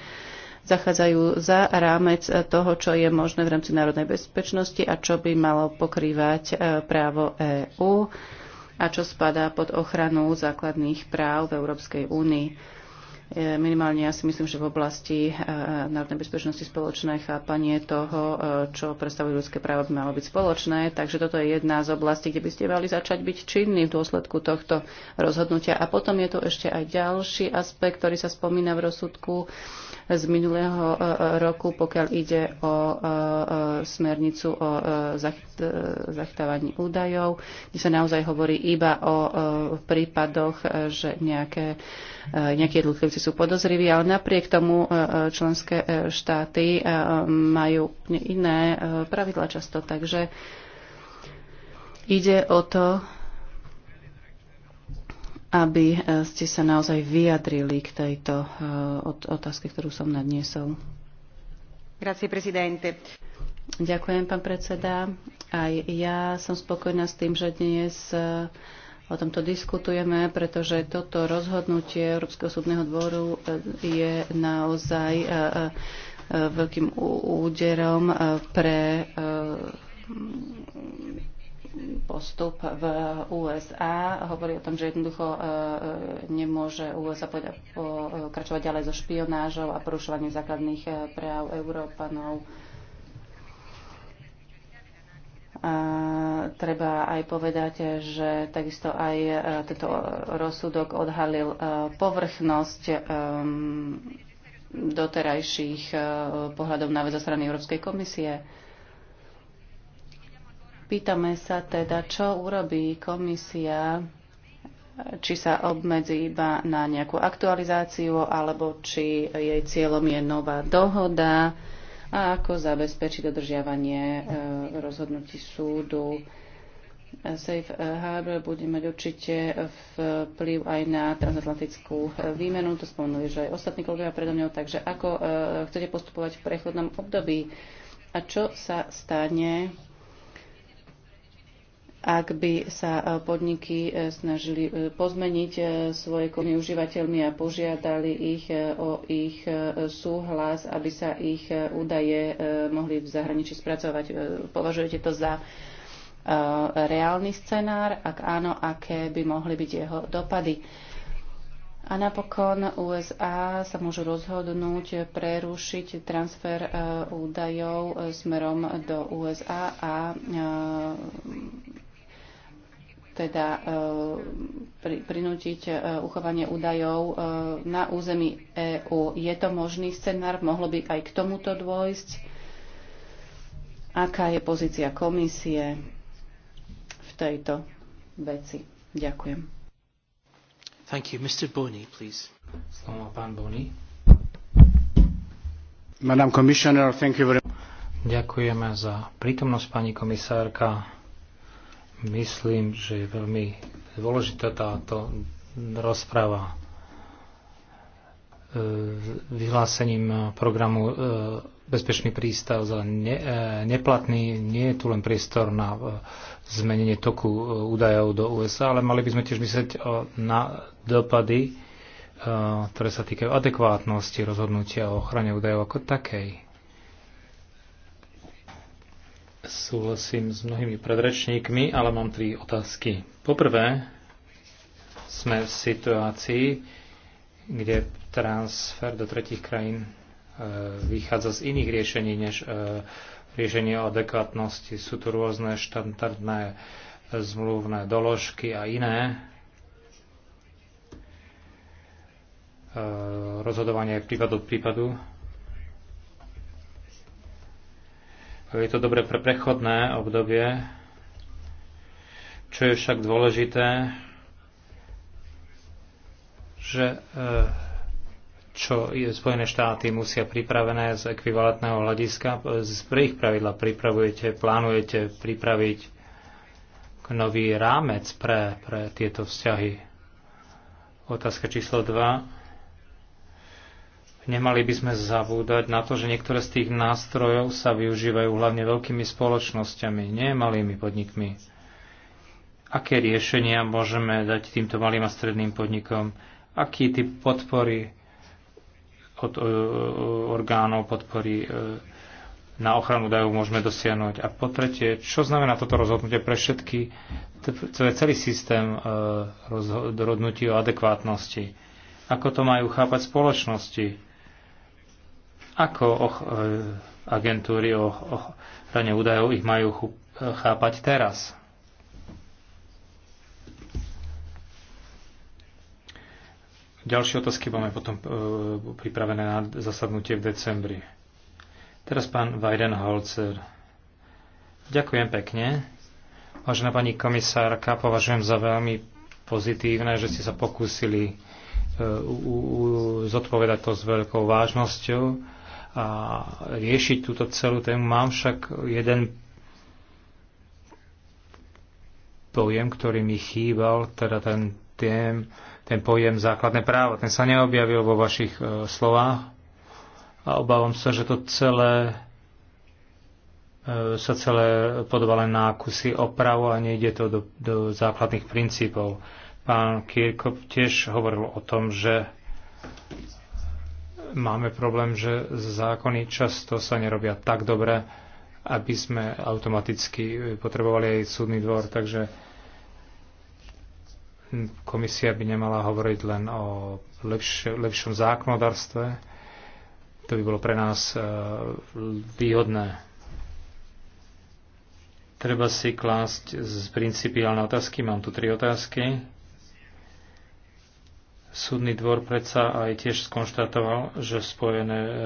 zachádzajú za rámec toho, čo je možné v rámci národnej bezpečnosti a čo by malo pokrývať e, právo EÚ a čo spadá pod ochranu základných práv v Európskej únii. E, minimálne ja si myslím, že v oblasti e, národnej bezpečnosti spoločné chápanie toho, e, čo predstavujú ľudské práva, by malo byť spoločné. Takže toto je jedna z oblastí, kde by ste mali začať byť činní v dôsledku tohto rozhodnutia. A potom je tu ešte aj ďalší aspekt, ktorý sa spomína v rozsudku z minulého e, e, roku, pokiaľ ide o e, smernicu o zachytávaní údajov, kde sa naozaj hovorí iba o prípadoch, že nejaké, nejaké jednotlivci sú podozriví, ale napriek tomu členské štáty majú iné pravidla často. Takže ide o to, aby eh, ste sa naozaj vyjadrili k tejto eh, otázke, ktorú som nadniesol. Grazie, presidente. Ďakujem, pán predseda. Aj ja som spokojná s tým, že dnes eh, o tomto diskutujeme, pretože toto rozhodnutie Európskeho súdneho dvoru je naozaj veľkým úderom pre postup v USA. Hovorí o tom, že jednoducho e, e, nemôže USA pokračovať e, ďalej so špionážou a porušovaním základných práv Európanov. A treba aj povedať, že takisto aj tento rozsudok odhalil povrchnosť doterajších pohľadov na vec zo strany Európskej komisie. Pýtame sa teda, čo urobí komisia, či sa obmedzi iba na nejakú aktualizáciu, alebo či jej cieľom je nová dohoda a ako zabezpečiť dodržiavanie e, rozhodnutí súdu. Safe Harbor bude mať určite vplyv aj na transatlantickú výmenu, to spomenuli, že aj ostatní kolegovia predo mňou, takže ako e, chcete postupovať v prechodnom období a čo sa stane ak by sa e, podniky e, snažili e, pozmeniť svoje komy užívateľmi a požiadali ich o ich súhlas, aby sa ich údaje mohli v zahraničí spracovať. Považujete to za reálny scenár? Ak áno, aké by mohli byť jeho dopady? A napokon USA sa môžu rozhodnúť prerušiť transfer údajov smerom do USA a teda e, prinútiť e, uchovanie údajov e, na území EÚ. Je to možný scenár? Mohlo by aj k tomuto dôjsť? Aká je pozícia komisie v tejto veci? Ďakujem. Thank you. Mr. Boni, please. Slovo pán Boni. Madam Commissioner, thank you very much. Ďakujeme za prítomnosť, pani komisárka. Myslím, že je veľmi dôležitá táto rozpráva e, vyhlásením programu e, Bezpečný prístav za ne, e, neplatný. Nie je tu len priestor na zmenenie toku údajov do USA, ale mali by sme tiež myslieť na dopady, ktoré sa týkajú adekvátnosti rozhodnutia o ochrane údajov ako takej. Súhlasím s mnohými predrečníkmi, ale mám tri otázky. Poprvé, sme v situácii, kde transfer do tretich krajín e, vychádza z iných riešení než e, riešenie o adekvátnosti. Sú tu rôzne štandardné e, zmluvné doložky a iné. Rozhodovanie prípadu od prípadu. Je to dobre pre prechodné obdobie, čo je však dôležité, že e, čo je Spojené štáty musia pripravené z ekvivalentného hľadiska, z prvých pravidla pripravujete, plánujete pripraviť nový rámec pre, pre tieto vzťahy. Otázka číslo 2 Nemali by sme zabúdať na to, že niektoré z tých nástrojov sa využívajú hlavne veľkými spoločnosťami, nie malými podnikmi. Aké riešenia môžeme dať týmto malým a stredným podnikom? Aký typ podpory od e, orgánov podpory e, na ochranu dajú môžeme dosiahnuť? A po tretie, čo znamená toto rozhodnutie pre všetky, celý systém e, rozhodnutí o adekvátnosti? Ako to majú chápať spoločnosti? Ako och, e, agentúry o ochrane údajov ich majú e, chápať teraz? Ďalšie otázky máme potom e, pripravené na zasadnutie v decembri. Teraz pán Weidenholzer. Ďakujem pekne. Vážená pani komisárka, považujem za veľmi pozitívne, že ste sa pokúsili zodpovedať to s veľkou vážnosťou a riešiť túto celú tému. Mám však jeden pojem, ktorý mi chýbal, teda ten, tém, ten pojem základné práva. Ten sa neobjavil vo vašich e, slovách a obávam sa, že to celé e, sa celé podoba len na kusy opravu a nejde to do, do základných princípov. Pán Kirkop tiež hovoril o tom, že máme problém, že zákony často sa nerobia tak dobre, aby sme automaticky potrebovali aj súdny dvor, takže komisia by nemala hovoriť len o lepš- lepšom zákonodárstve. To by bolo pre nás e, výhodné. Treba si klásť z principiálne otázky. Mám tu tri otázky Súdny dvor predsa aj tiež skonštatoval, že spojené e, e,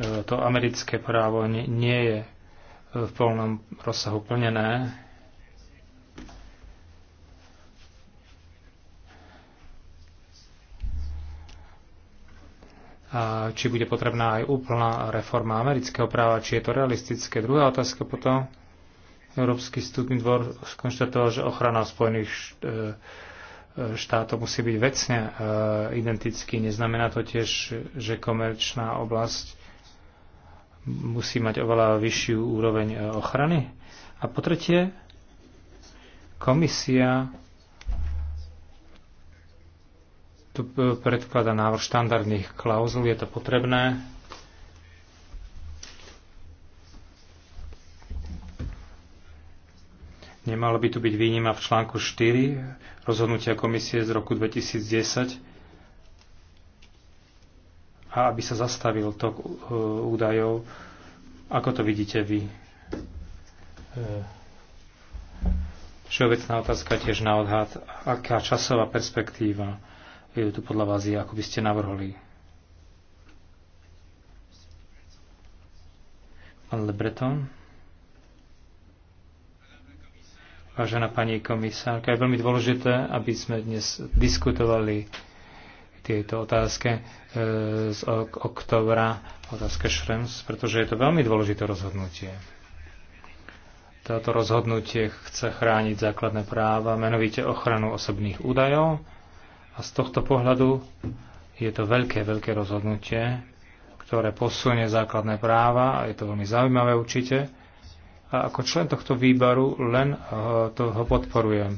e, to americké právo nie je v plnom rozsahu plnené. A či bude potrebná aj úplná reforma amerického práva, či je to realistické. Druhá otázka potom Európsky stupný dvor skonštatoval, že ochrana Spojených e, e, štátov musí byť vecne e, identický. Neznamená to tiež, že komerčná oblasť musí mať oveľa vyššiu úroveň ochrany. A po tretie, komisia tu predklada návrh štandardných klauzul, je to potrebné, Nemala by tu byť výnima v článku 4 rozhodnutia komisie z roku 2010 a aby sa zastavil tok e, údajov, ako to vidíte vy. E, všeobecná otázka tiež na odhad, aká časová perspektíva je tu podľa vás je, ako by ste navrhli. Pán Lebreton. Vážená pani komisárka, je veľmi dôležité, aby sme dnes diskutovali tieto otázke z oktobra, otázka Šrems, pretože je to veľmi dôležité rozhodnutie. Toto rozhodnutie chce chrániť základné práva, menovite ochranu osobných údajov a z tohto pohľadu je to veľké, veľké rozhodnutie, ktoré posunie základné práva a je to veľmi zaujímavé určite a ako člen tohto výboru len eh, to ho podporujem.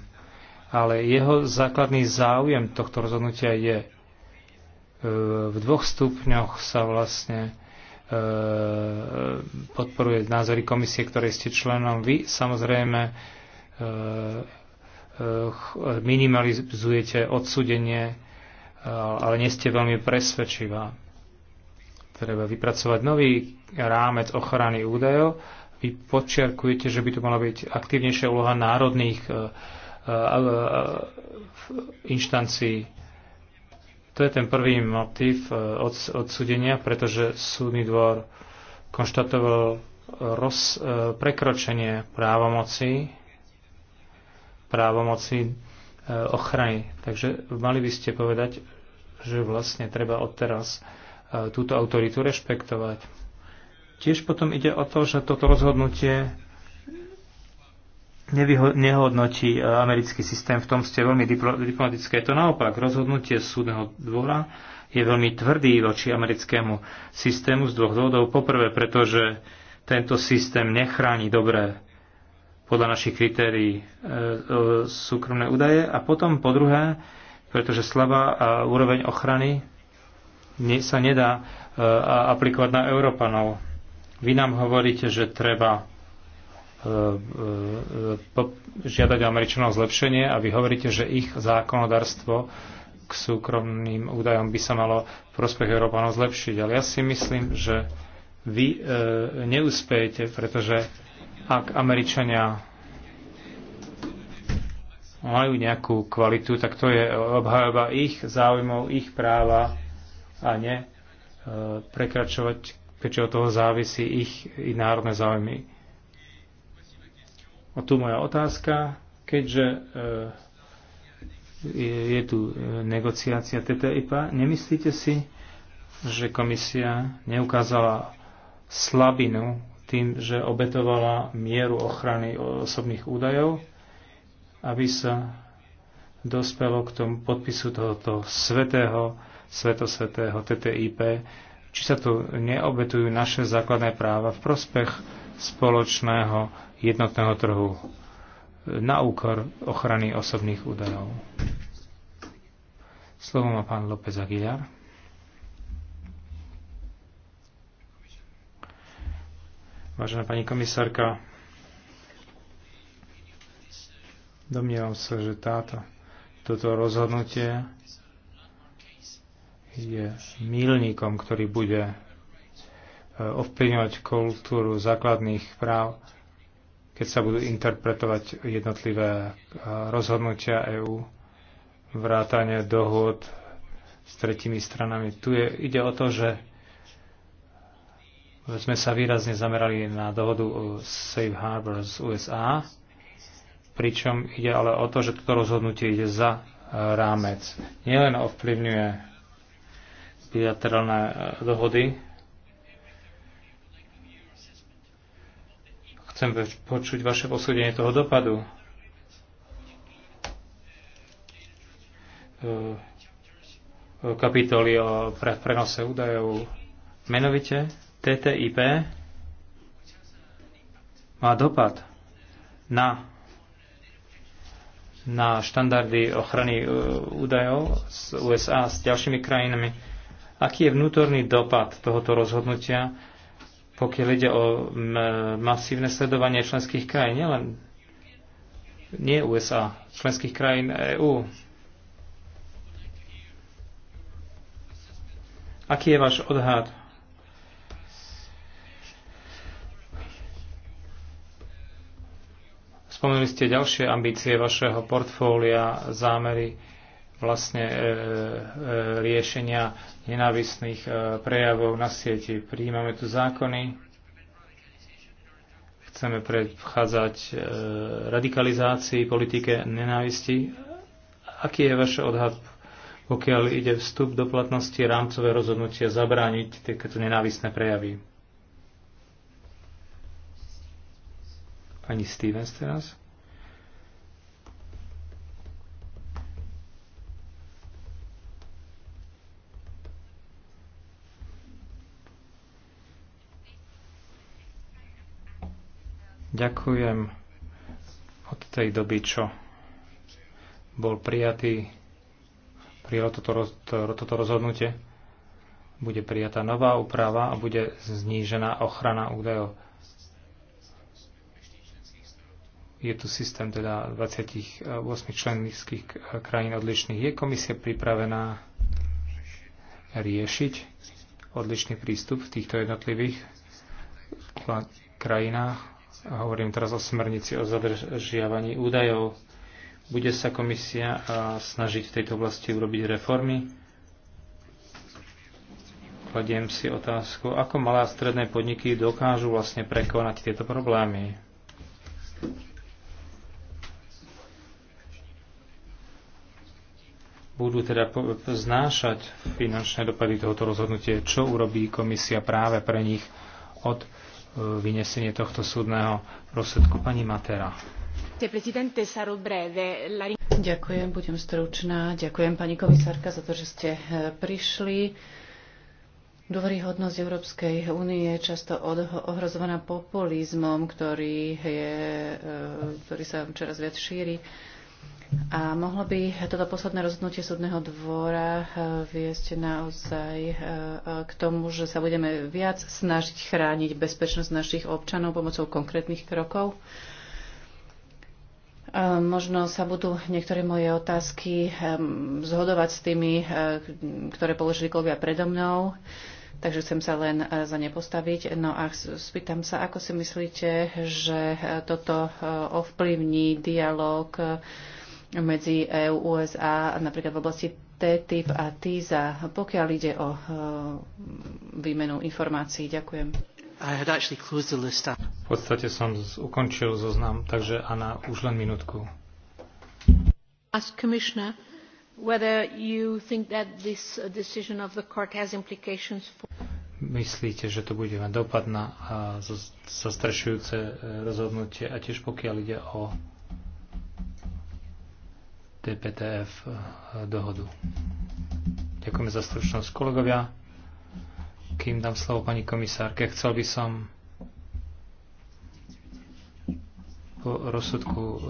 Ale jeho základný záujem tohto rozhodnutia je eh, v dvoch stupňoch sa vlastne eh, podporuje názory komisie, ktorej ste členom. Vy samozrejme minimalizujete odsudenie, ale nie ste veľmi presvedčivá. Treba vypracovať nový rámec ochrany údajov vy podčiarkujete, že by to mala byť aktívnejšia úloha národných e, e, e, inštancií. To je ten prvý motív odsudenia, pretože súdny dvor konštatoval roz, prekročenie právomoci, právomoci ochrany. Takže mali by ste povedať, že vlastne treba odteraz túto autoritu rešpektovať. Tiež potom ide o to, že toto rozhodnutie nehodnotí e, americký systém, v tom ste veľmi diplomatické. Je to naopak, rozhodnutie súdneho dvora je veľmi tvrdý voči americkému systému z dvoch dôvodov. Poprvé, pretože tento systém nechráni dobré podľa našich kritérií e, e, súkromné údaje a potom po druhé, pretože slabá e, úroveň ochrany sa nedá e, aplikovať na Európanov vy nám hovoríte, že treba e, e, žiadať Američanov zlepšenie a vy hovoríte, že ich zákonodarstvo k súkromným údajom by sa malo v prospech Európanov zlepšiť. Ale ja si myslím, že vy e, neúspejete, pretože ak Američania majú nejakú kvalitu, tak to je obhajoba ich záujmov, ich práva a ne e, prekračovať keďže od toho závisí ich i národné záujmy. A tu moja otázka, keďže e, je, je tu e, negociácia TTIP, nemyslíte si, že komisia neukázala slabinu tým, že obetovala mieru ochrany osobných údajov, aby sa dospelo k tomu podpisu tohoto svetého, svetosvetého TTIP či sa tu neobetujú naše základné práva v prospech spoločného jednotného trhu na úkor ochrany osobných údajov. Slovo má pán López Aguilar. Vážená pani komisárka, domnievam sa, že táto, toto rozhodnutie je milníkom, ktorý bude e, ovplyvňovať kultúru základných práv, keď sa budú interpretovať jednotlivé e, rozhodnutia EÚ, vrátanie dohod s tretími stranami. Tu je, ide o to, že sme sa výrazne zamerali na dohodu o Safe Harbor z USA, pričom ide ale o to, že toto rozhodnutie ide za e, rámec. Nielen ovplyvňuje bilaterálne e, dohody. Chcem počuť vaše posúdenie toho dopadu. E, e, kapitoly o prenose údajov. Menovite TTIP má dopad na, na štandardy ochrany údajov z USA s ďalšími krajinami Aký je vnútorný dopad tohoto rozhodnutia, pokiaľ ide o masívne sledovanie členských krajín, nielen nie USA, členských krajín EÚ? Aký je váš odhad? Spomenuli ste ďalšie ambície vašeho portfólia, zámery vlastne e, e, riešenia nenávisných e, prejavov na sieti. Prijímame tu zákony, chceme predchádzať e, radikalizácii politike nenávisti. Aký je vaš odhad, pokiaľ ide vstup do platnosti rámcové rozhodnutie zabrániť takéto nenávisné prejavy? Pani Stevens teraz. Ďakujem od tej doby, čo bol prijatý, prijalo toto, to, toto rozhodnutie, bude prijatá nová úprava a bude znížená ochrana údajov. Je tu systém teda 28 členských krajín odlišných. Je komisia pripravená riešiť odlišný prístup v týchto jednotlivých krajinách? a hovorím teraz o smernici o zadržiavaní údajov. Bude sa komisia snažiť v tejto oblasti urobiť reformy? Kladiem si otázku, ako malé a stredné podniky dokážu vlastne prekonať tieto problémy. Budú teda znášať finančné dopady tohoto rozhodnutie, čo urobí komisia práve pre nich od vynesenie tohto súdneho rozsudku. Pani Matera. Ďakujem, budem stručná. Ďakujem pani komisárka za to, že ste e, prišli. Dôveryhodnosť Európskej únie je často ohrozovaná populizmom, ktorý, je, e, ktorý sa čoraz viac šíri. A mohlo by toto posledné rozhodnutie súdneho dvora eh, viesť naozaj eh, eh, k tomu, že sa budeme viac snažiť chrániť bezpečnosť našich občanov pomocou konkrétnych krokov? Možno sa budú niektoré moje otázky ehm, zhodovať s tými, ktoré položili kolegovia predo mnou, takže chcem sa len za ne postaviť. No a spýtam sa, ako si myslíte, že toto ovplyvní dialog medzi EU, USA, napríklad v oblasti TTIP a TISA, pokiaľ ide o e, výmenu informácií. Ďakujem. V podstate som ukončil zoznam, takže Anna, už len minútku. Ask Commissioner whether you think that this uh, decision of the court has implications for myslíte, že to bude mať dopad na zastrešujúce e, rozhodnutie a tiež pokiaľ ide o TPTF eh, dohodu. Ďakujeme za stručnosť kolegovia. Kým dám slovo pani komisárke, chcel by som po rozsudku eh,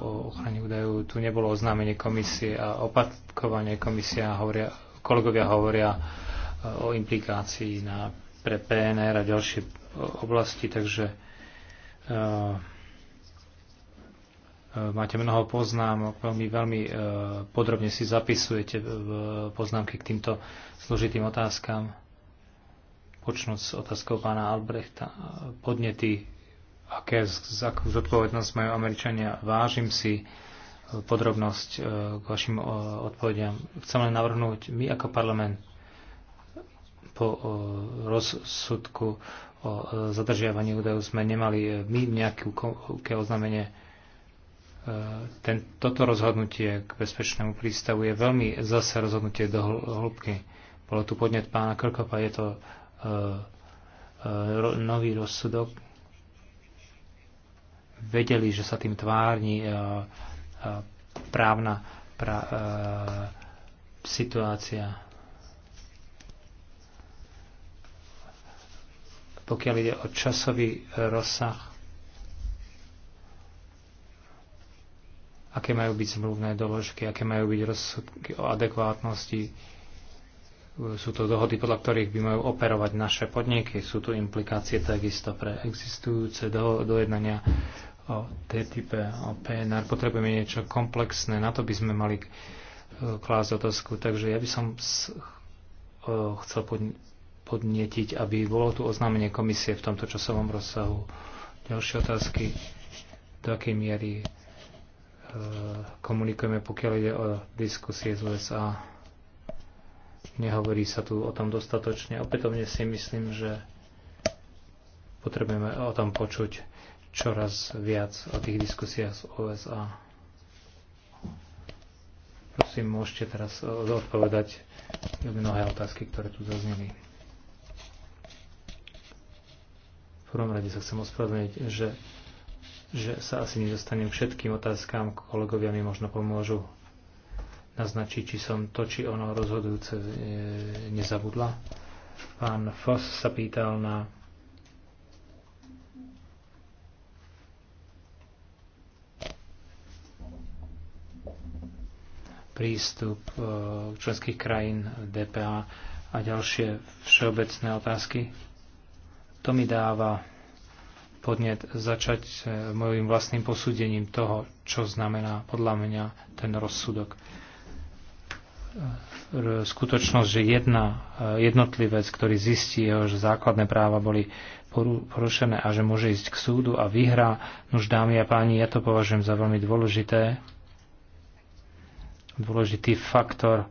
o ochrane údajov tu nebolo oznámenie komisie a opatkovanie komisia hovoria, kolegovia hovoria eh, o implikácii na, pre PNR a ďalšie oblasti, takže uh, Máte mnoho poznámok, veľmi, veľmi e, podrobne si zapisujete e, poznámky k týmto zložitým otázkam. Počnúť s otázkou pána Albrechta. Podnety, aké, akú zodpovednosť majú Američania. Vážim si e, podrobnosť k vašim odpovediam. Chcem len navrhnúť, my ako parlament po rozsudku o zadržiavaní údajov sme nemali my nejaké oznámenie E, ten, toto rozhodnutie k bezpečnému prístavu je veľmi zase rozhodnutie do hĺbky. Bolo tu podnet pána Krkopa, je to uh, uh, nový rozsudok. Vedeli, že sa tým tvárni uh, uh, právna pra, uh, situácia. Pokiaľ ide o časový rozsah, aké majú byť zmluvné doložky, aké majú byť rozsudky o adekvátnosti. Sú to dohody, podľa ktorých by majú operovať naše podniky. Sú tu implikácie takisto pre existujúce do, dojednania o TTIP, o PNR. Potrebujeme niečo komplexné, na to by sme mali e, klásť otázku. Takže ja by som e, chcel podnetiť, aby bolo tu oznámenie komisie v tomto časovom rozsahu. Ďalšie otázky, do akej miery Eh, komunikujeme, pokiaľ ide o diskusie z USA. Nehovorí sa tu o tom dostatočne. Opätovne si myslím, že potrebujeme o tom počuť čoraz viac o tých diskusiách z USA. Prosím, môžete teraz eh, odpovedať mnohé otázky, ktoré tu zazneli. V prvom rade sa chcem ospravedlniť, že že sa asi nedostanem všetkým otázkám, kolegovia mi možno pomôžu naznačiť, či som to, či ono rozhodujúce e, nezabudla. Pán Foss sa pýtal na prístup e, členských krajín DPA a ďalšie všeobecné otázky. To mi dáva podnet začať e, mojim vlastným posúdením toho, čo znamená podľa mňa ten rozsudok. E, skutočnosť, že jedna, e, jednotlivec, ktorý zistí jeho, že základné práva boli porušené a že môže ísť k súdu a vyhrá, nuž dámy a páni, ja to považujem za veľmi dôležité, dôležitý faktor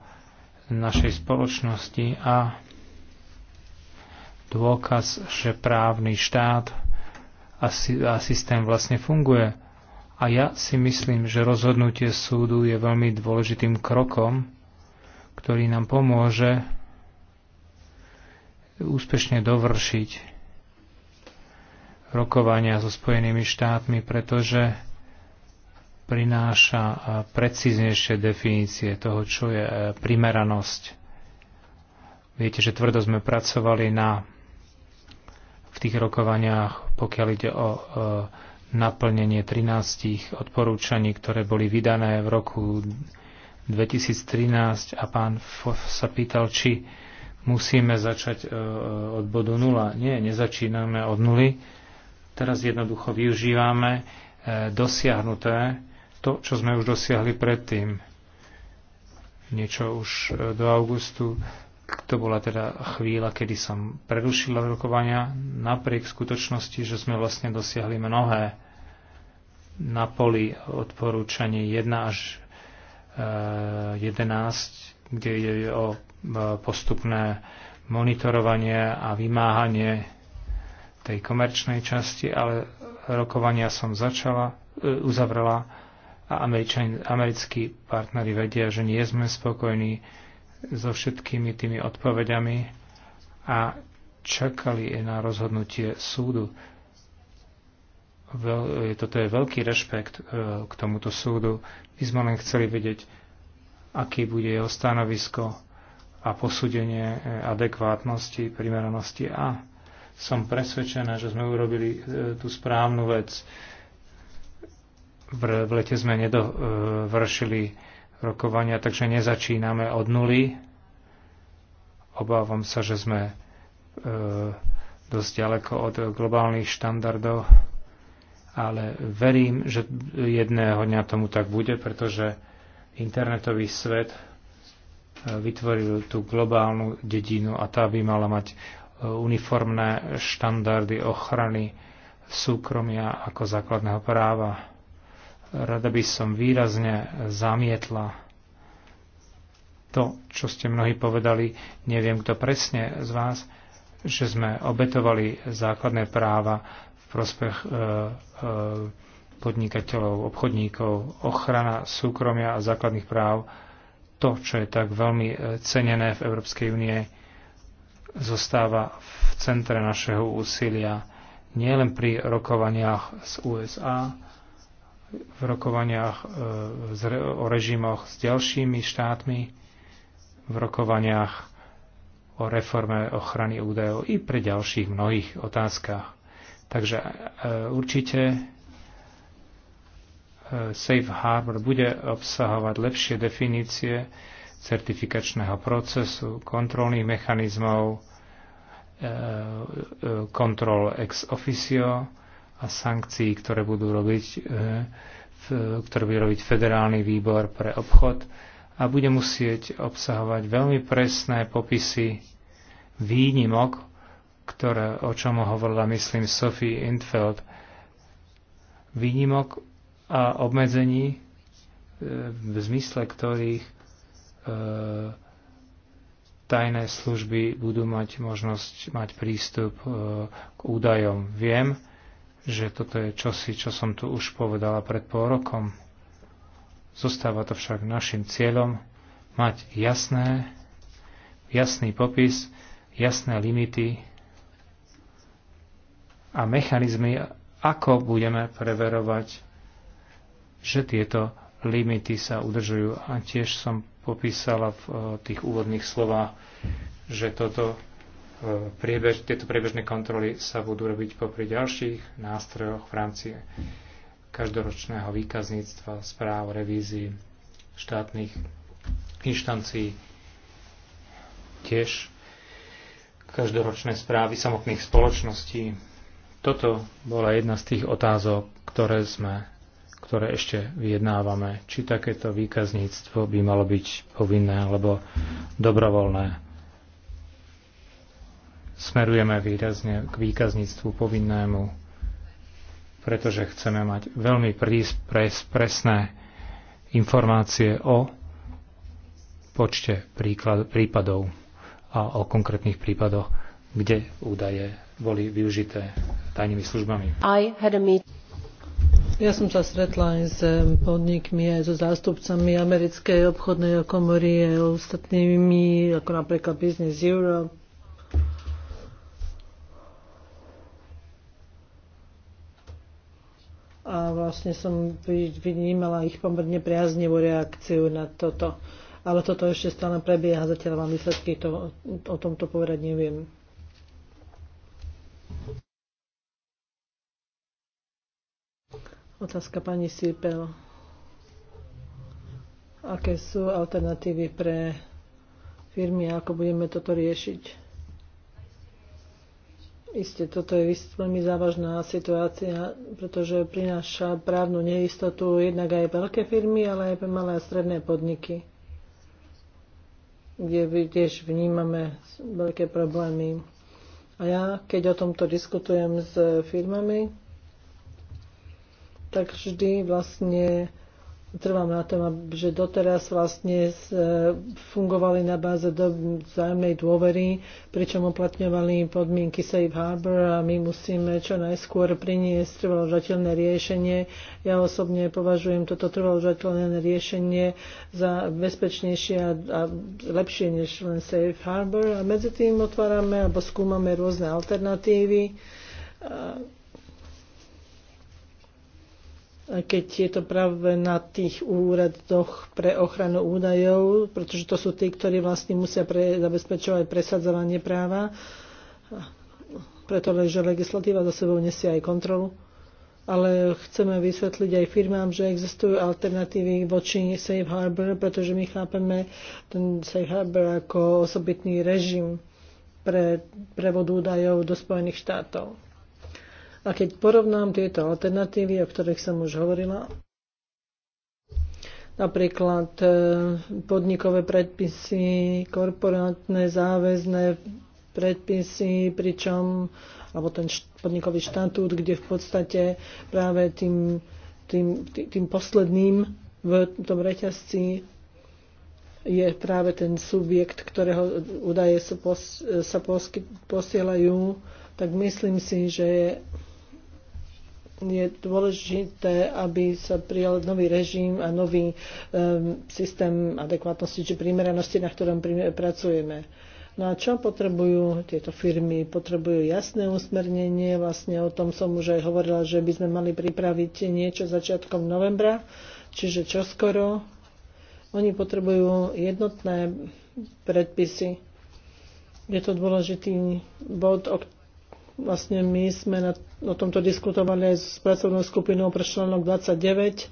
našej spoločnosti a dôkaz, že právny štát a, a systém vlastne funguje. A ja si myslím, že rozhodnutie súdu je veľmi dôležitým krokom, ktorý nám pomôže úspešne dovršiť rokovania so Spojenými štátmi, pretože prináša precíznejšie definície toho, čo je e, primeranosť. Viete, že tvrdo sme pracovali na v tých rokovaniach, pokiaľ ide o e, naplnenie 13 odporúčaní, ktoré boli vydané v roku 2013 a pán Fof sa pýtal, či musíme začať e, e, od bodu nula. Nie, nezačíname od nuly. Teraz jednoducho využívame dosiahnuté to, čo sme už dosiahli predtým. Niečo už do augustu to bola teda chvíľa, kedy som prerušil rokovania napriek skutočnosti, že sme vlastne dosiahli mnohé na poli odporúčaní 1 až 11, eh, kde je o eh, postupné monitorovanie a vymáhanie tej komerčnej časti, ale rokovania som začala, eh, uzavrela a američani, americkí partneri vedia, že nie sme spokojní so všetkými tými odpovediami a čakali aj na rozhodnutie súdu. Veľ, toto je veľký rešpekt e, k tomuto súdu. My sme len chceli vedieť, aké bude jeho stanovisko a posúdenie e, adekvátnosti, primeranosti a som presvedčená, že sme urobili e, tú správnu vec. V, v lete sme nedovršili e, rokovania, takže nezačíname od nuly. Obávam sa, že sme e, dosť ďaleko od globálnych štandardov, ale verím, že jedného dňa tomu tak bude, pretože internetový svet e, vytvoril tú globálnu dedinu a tá by mala mať e, uniformné štandardy ochrany súkromia ako základného práva Rada by som výrazne zamietla to, čo ste mnohí povedali, neviem kto presne z vás, že sme obetovali základné práva v prospech e, e, podnikateľov, obchodníkov, ochrana súkromia a základných práv, to, čo je tak veľmi e, cenené v Európskej únie, zostáva v centre našeho úsilia nielen pri rokovaniach s USA, v rokovaniach e, o režimoch s ďalšími štátmi, v rokovaniach o reforme ochrany údajov i pre ďalších mnohých otázkach. Takže e, určite e, Safe Harbor bude obsahovať lepšie definície certifikačného procesu, kontrolných mechanizmov, kontrol ex officio, a sankcií, ktoré budú robiť, e, ktoré bude robiť Federálny výbor pre obchod a bude musieť obsahovať veľmi presné popisy výnimok, ktoré, o čom hovorila, myslím, Sophie Intfeld, výnimok a obmedzení e, v zmysle ktorých e, tajné služby budú mať možnosť mať prístup k údajom. Viem, že toto je čosi, čo som tu už povedala pred pol rokom. Zostáva to však našim cieľom mať jasné, jasný popis, jasné limity a mechanizmy, ako budeme preverovať, že tieto limity sa udržujú. A tiež som popísala v eh, tých úvodných slovách, že toto priebež, tieto priebežné kontroly sa budú robiť popri ďalších nástrojoch v rámci každoročného výkazníctva, správ, revízií štátnych inštancií. Tiež každoročné správy samotných spoločností. Toto bola jedna z tých otázok, ktoré sme ktoré ešte vyjednávame, či takéto výkazníctvo by malo byť povinné alebo dobrovoľné smerujeme výrazne k výkazníctvu povinnému, pretože chceme mať veľmi prís, pres, presné informácie o počte príklad, prípadov a o konkrétnych prípadoch, kde údaje boli využité tajnými službami. I had a meet- ja som sa stretla aj s podnikmi, aj so zástupcami americkej obchodnej komory a ostatnými, ako napríklad Business Europe, a vlastne som vnímala ich pomerne priaznevú reakciu na toto. Ale toto ešte stále prebieha, zatiaľ vám výsledky to, o tomto povedať neviem. Otázka pani Sipel. Aké sú alternatívy pre firmy a ako budeme toto riešiť? Isté, toto je veľmi závažná situácia, pretože prináša právnu neistotu jednak aj veľké firmy, ale aj malé a stredné podniky, kde tiež vnímame veľké problémy. A ja, keď o tomto diskutujem s firmami, tak vždy vlastne trvám na tom, že doteraz vlastne e, fungovali na báze do vzájomnej dôvery, pričom uplatňovali podmienky Safe Harbor a my musíme čo najskôr priniesť trvalozateľné riešenie. Ja osobne považujem toto trvaložateľné riešenie za bezpečnejšie a lepšie než len Safe Harbor a medzi tým otvárame alebo skúmame rôzne alternatívy keď je to práve na tých úradoch pre ochranu údajov, pretože to sú tí, ktorí vlastne musia pre, zabezpečovať presadzovanie práva, pretože legislatíva za sebou nesie aj kontrolu. Ale chceme vysvetliť aj firmám, že existujú alternatívy voči Safe Harbor, pretože my chápeme ten Safe Harbor ako osobitný režim pre prevod údajov do Spojených štátov. A keď porovnám tieto alternatívy, o ktorých som už hovorila, napríklad e, podnikové predpisy, korporátne záväzné predpisy, pričom, alebo ten podnikový štatút, kde v podstate práve tým, tým, tým posledným v tom reťazci je práve ten subjekt, ktorého údaje sa, pos, sa posky, posielajú, tak myslím si, že je dôležité, aby sa prijal nový režim a nový um, systém adekvátnosti či primeranosti, na ktorom pracujeme. No a čo potrebujú tieto firmy? Potrebujú jasné usmernenie, vlastne o tom som už aj hovorila, že by sme mali pripraviť niečo začiatkom novembra, čiže čoskoro. Oni potrebujú jednotné predpisy. Je to dôležitý bod, o, vlastne my sme na o tomto diskutovali aj s pracovnou skupinou pre článok 29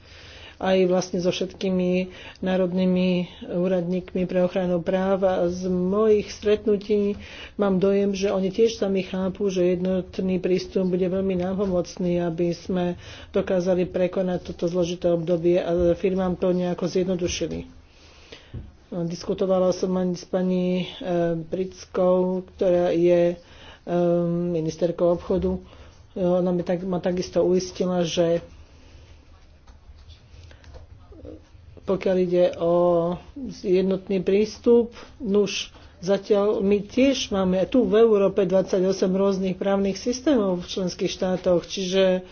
aj vlastne so všetkými národnými úradníkmi pre ochranu práv a Z mojich stretnutí mám dojem, že oni tiež sami chápu, že jednotný prístup bude veľmi nápomocný, aby sme dokázali prekonať toto zložité obdobie a firmám to nejako zjednodušili. Diskutovala som ani s pani eh, Brickou, ktorá je eh, ministerkou obchodu ona mi tak, ma takisto uistila, že pokiaľ ide o jednotný prístup, nuž Zatiaľ my tiež máme tu v Európe 28 rôznych právnych systémov v členských štátoch, čiže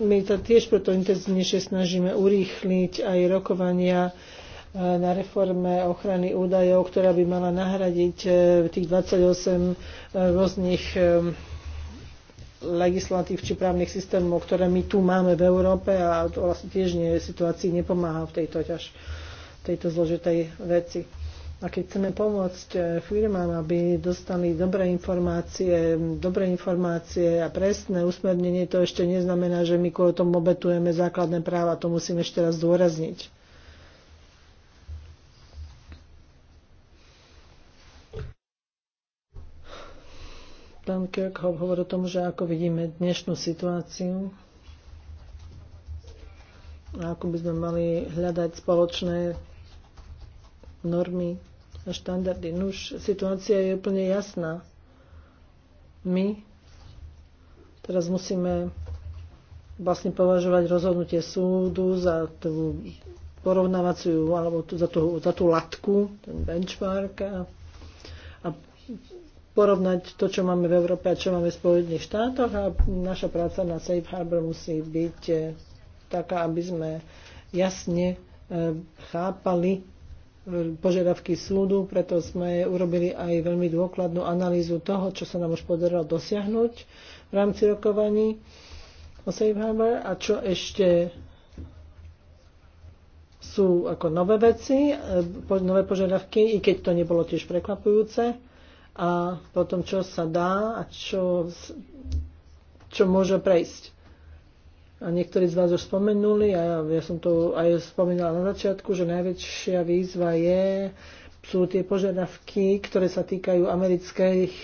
my sa tiež preto intenzívnejšie snažíme urýchliť aj rokovania E, na reforme ochrany údajov, ktorá by mala nahradiť e, tých 28 e, rôznych legislatív či právnych systémov, ktoré my tu máme v Európe a to vlastne tiež nie, situácii nepomáha v tejto, ťaž, tejto zložitej veci. A keď chceme pomôcť firmám, aby dostali dobré informácie, dobré informácie a presné usmernenie, to ešte neznamená, že my kvôli tomu obetujeme základné práva. To musím ešte raz zdôrazniť. Pán Kirchhoff hovorí o tom, že ako vidíme dnešnú situáciu a ako by sme mali hľadať spoločné normy a štandardy. Nuž, situácia je úplne jasná. My teraz musíme vlastne považovať rozhodnutie súdu za tú porovnávaciu alebo tú, za, tú, za tú latku, ten benchmark a, a porovnať to, čo máme v Európe a čo máme v Spojených štátoch a naša práca na Safe Harbor musí byť eh, taká, aby sme jasne eh, chápali eh, požiadavky súdu, preto sme urobili aj veľmi dôkladnú analýzu toho, čo sa nám už podarilo dosiahnuť v rámci rokovaní o Safe Harbor a čo ešte sú ako nové veci, nové požiadavky, i keď to nebolo tiež prekvapujúce a potom čo sa dá a čo, čo môže prejsť. A niektorí z vás už spomenuli, a ja, ja som to aj spomínala na začiatku, že najväčšia výzva je, sú tie požiadavky, ktoré sa týkajú americkej eh,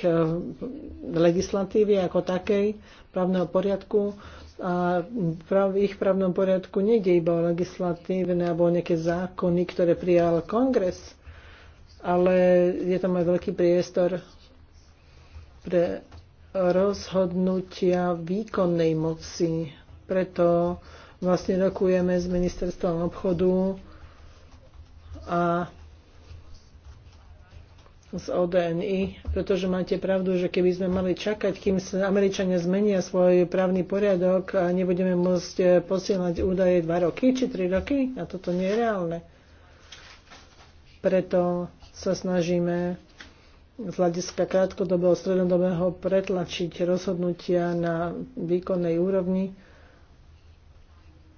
legislatívy ako takej, právneho poriadku. A v ich právnom poriadku nejde iba o legislatívne alebo o nejaké zákony, ktoré prijal kongres ale je tam aj veľký priestor pre rozhodnutia výkonnej moci. Preto vlastne rokujeme s ministerstvom obchodu a z ODNI, pretože máte pravdu, že keby sme mali čakať, kým sa Američania zmenia svoj právny poriadok a nebudeme môcť eh, posielať údaje 2 roky či 3 roky, a toto nie je reálne. Preto sa snažíme z hľadiska krátkodobého strednodobého pretlačiť rozhodnutia na výkonnej úrovni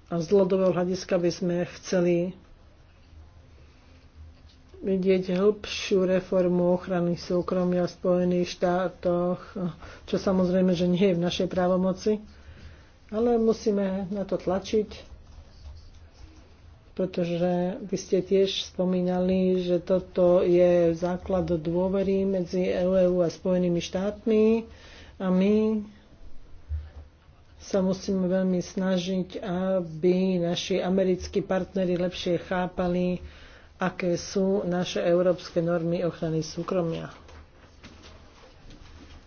a z dlhodobého hľadiska by sme chceli vidieť hĺbšiu reformu ochrany súkromia v Spojených štátoch, čo samozrejme, že nie je v našej právomoci, ale musíme na to tlačiť pretože vy ste tiež spomínali, že toto je základ dôvery medzi EÚ a Spojenými štátmi a my sa musíme veľmi snažiť, aby naši americkí partnery lepšie chápali, aké sú naše európske normy ochrany súkromia.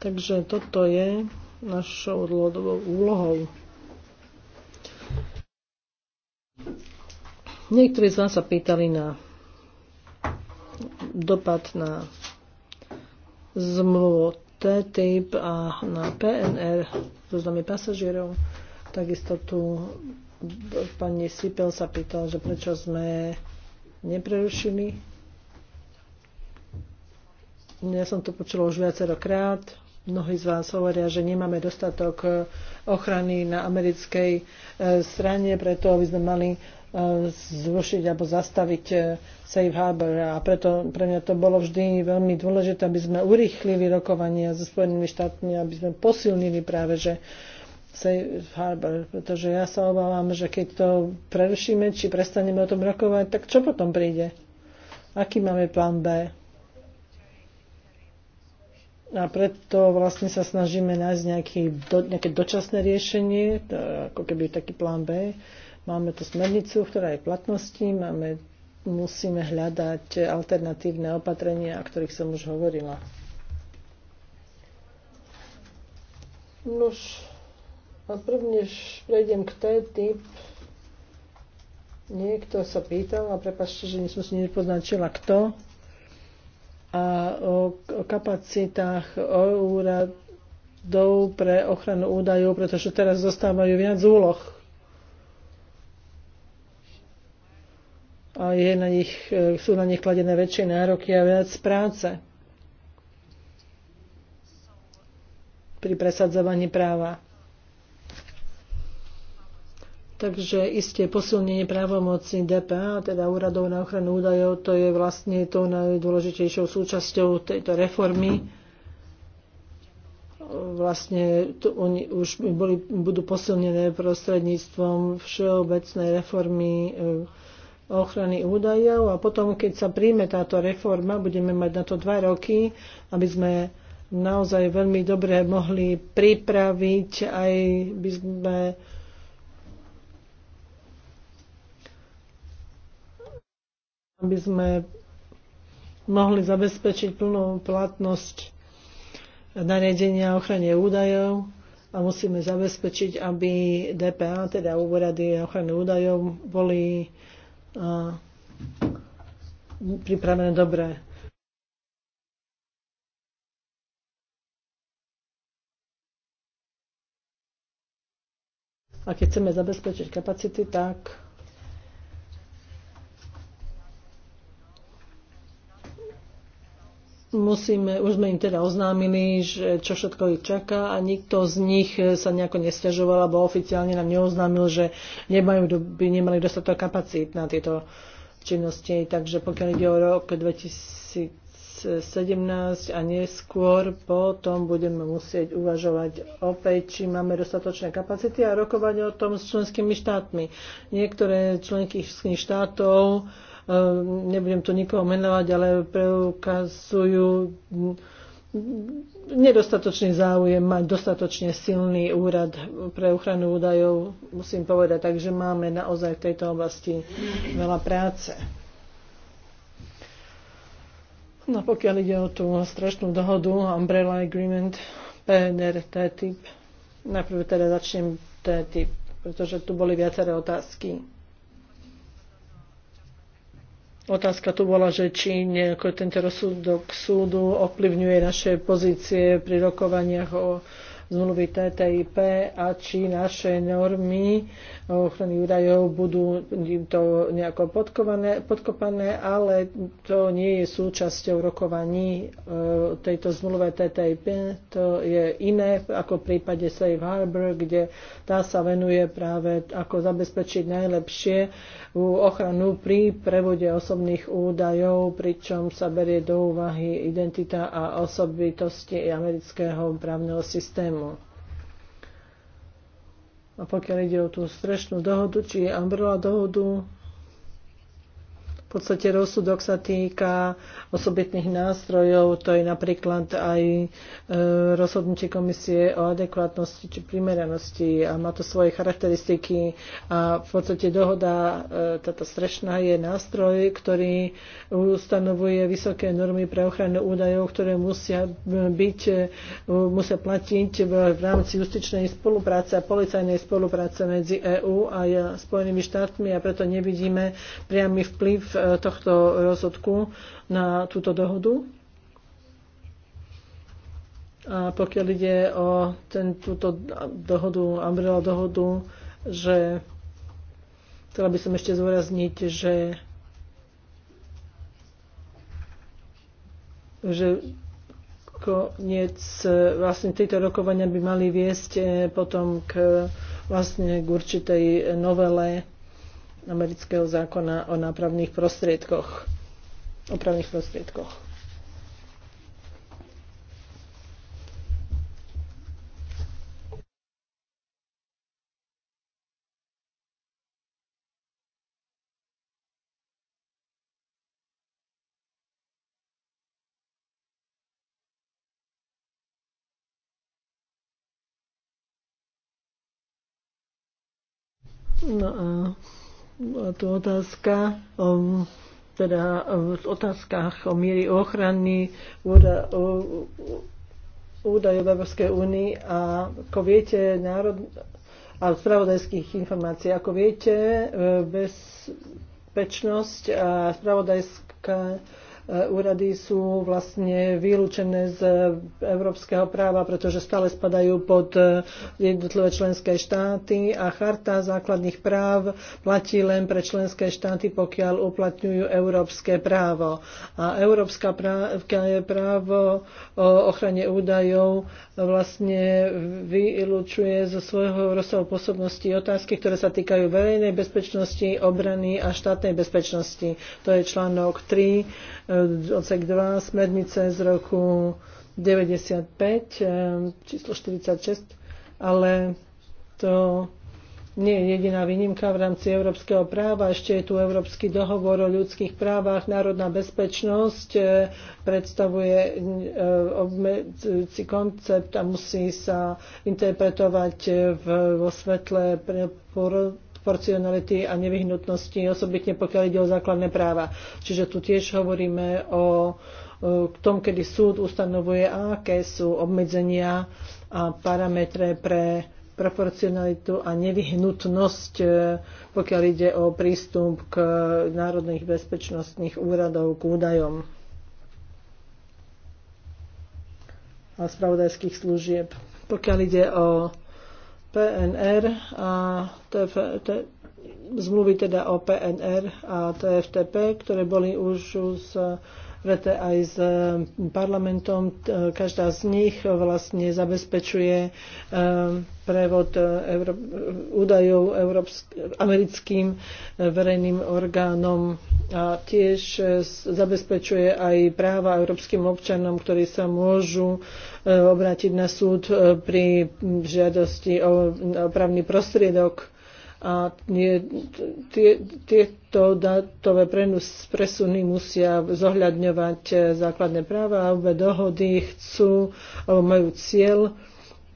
Takže toto je našou dlhodobou úlohou. Niektorí z vás sa pýtali na dopad na zmluvu TTIP a na PNR, znamená pasažierov. Takisto tu pani Sipel sa pýtala, že prečo sme neprerušili. Ja som to počula už viacerokrát. krát mnohí z vás hovoria, že nemáme dostatok e, ochrany na americkej e, strane, preto by sme mali e, zrušiť alebo zastaviť Safe Harbor. A preto pre mňa to bolo vždy veľmi dôležité, aby sme urýchlili rokovania so Spojenými štátmi, aby sme posilnili práve, že Safe Harbor, pretože ja sa obávam, že keď to prerušíme, či prestaneme o tom rokovať, tak čo potom príde? Aký máme plán B? a preto vlastne sa snažíme nájsť nejaký, do, nejaké dočasné riešenie, to, ako keby taký plán B. Máme tu smernicu, ktorá je v platnosti, máme, musíme hľadať alternatívne opatrenia, o ktorých som už hovorila. Nož, a prvnež prejdem k té typ Niekto sa pýtal, a prepašte, že som si nepoznačila kto, a o kapacitách úradov pre ochranu údajov, pretože teraz zostávajú viac úloh. A je na nich, e, sú na nich kladené väčšie nároky a viac práce pri presadzovaní práva. Takže isté posilnenie právomocí DPA, teda úradov na ochranu údajov, to je vlastne tou najdôležitejšou súčasťou tejto reformy. Vlastne to, oni už boli, budú posilnené prostredníctvom všeobecnej reformy eh, ochrany údajov a potom, keď sa príjme táto reforma, budeme mať na to dva roky, aby sme naozaj veľmi dobre mohli pripraviť aj by sme aby sme mohli zabezpečiť plnú platnosť nariadenia o ochrane údajov a musíme zabezpečiť, aby DPA, teda úrady ochrany údajov, boli pripravené dobre. A keď chceme zabezpečiť kapacity, tak musíme, už sme im teda oznámili, že čo všetko ich čaká a nikto z nich sa nejako nestiažoval alebo oficiálne nám neoznámil, že nemajú, by nemali dostatok kapacít na tieto činnosti. Takže pokiaľ ide o rok 2017 a neskôr, potom budeme musieť uvažovať opäť, či máme dostatočné kapacity a rokovať o tom s členskými štátmi. Niektoré členských štátov Ehm, nebudem tu nikoho menovať, ale preukazujú nedostatočný záujem mať dostatočne silný úrad pre ochranu údajov, musím povedať. Takže máme naozaj v tejto oblasti veľa práce. No pokiaľ ide o tú strašnú dohodu, Umbrella Agreement, PNR, TTIP, najprv teda začnem TTIP, pretože tu boli viaceré otázky. Otázka tu bola, že či nejako tento rozsudok súdu ovplyvňuje naše pozície pri rokovaniach o zmluvy TTIP a či naše normy ochrany údajov budú to nejako podkopané, ale to nie je súčasťou rokovaní e, tejto zmluve TTIP. To je iné ako v prípade Safe Harbor, kde tá sa venuje práve ako zabezpečiť najlepšie ochranu pri prevode osobných údajov, pričom sa berie do úvahy identita a osobitosti amerického právneho systému. A pokiaľ ide o tú strešnú dohodu, či umbrella dohodu, v podstate rozsudok sa týka osobitných nástrojov, to je napríklad aj e, rozhodnutie komisie o adekvátnosti či primeranosti a má to svoje charakteristiky a v podstate dohoda, e, táto strešná je nástroj, ktorý ustanovuje vysoké normy pre ochranu údajov, ktoré musia byť, e, musia platiť v rámci justičnej spolupráce a policajnej spolupráce medzi EÚ a Spojenými štátmi a preto nevidíme priamy vplyv E, tohto rozhodku na túto dohodu. A pokiaľ ide o ten, túto dohodu, umbrella dohodu, že chcela by som ešte zúrazniť, že že koniec vlastne tejto rokovania by mali viesť e, potom k vlastne k určitej novele amerického zákona o nápravných prostriedkoch. Opravných prostriedkoch. No a tu otázka o, teda v otázkach o miery ochrany o, údajov Európskej únii a ako viete, národ, a spravodajských informácií. Ako viete, e, bezpečnosť a spravodajská E, úrady sú vlastne vylúčené z európskeho práva, pretože stále spadajú pod e, jednotlivé členské štáty a charta základných práv platí len pre členské štáty, pokiaľ uplatňujú európske právo. A európska právo o ochrane údajov vlastne vylúčuje zo svojho rozsahu pôsobnosti otázky, ktoré sa týkajú verejnej bezpečnosti, obrany a štátnej bezpečnosti. To je článok 3 E, odsek 2 smernice z roku 95, e, číslo 46, ale to nie je jediná výnimka v rámci európskeho práva. Ešte je tu Európsky dohovor o ľudských právach. Národná bezpečnosť e, predstavuje obmedzujúci koncept a musí sa interpretovať vo svetle proporcionality a nevyhnutnosti, osobitne pokiaľ ide o základné práva. Čiže tu tiež hovoríme o k tom, kedy súd ustanovuje, aké sú obmedzenia a parametre pre proporcionalitu a nevyhnutnosť, e, pokiaľ ide o prístup k národných bezpečnostných úradov k údajom a spravodajských služieb. Pokiaľ ide o PNR a TF, t, zmluvy teda o PNR a TFTP, ktoré boli už z aj s um, parlamentom. E, každá z nich vlastne zabezpečuje e, prevod e, Euró- údajov americkým verejným orgánom a tiež zabezpečuje aj práva európskym občanom, ktorí sa môžu obrátiť na súd pri žiadosti o právny prostriedok a nie, tie, tieto datové presuny musia zohľadňovať e, základné práva a obe dohody chcú, alebo majú cieľ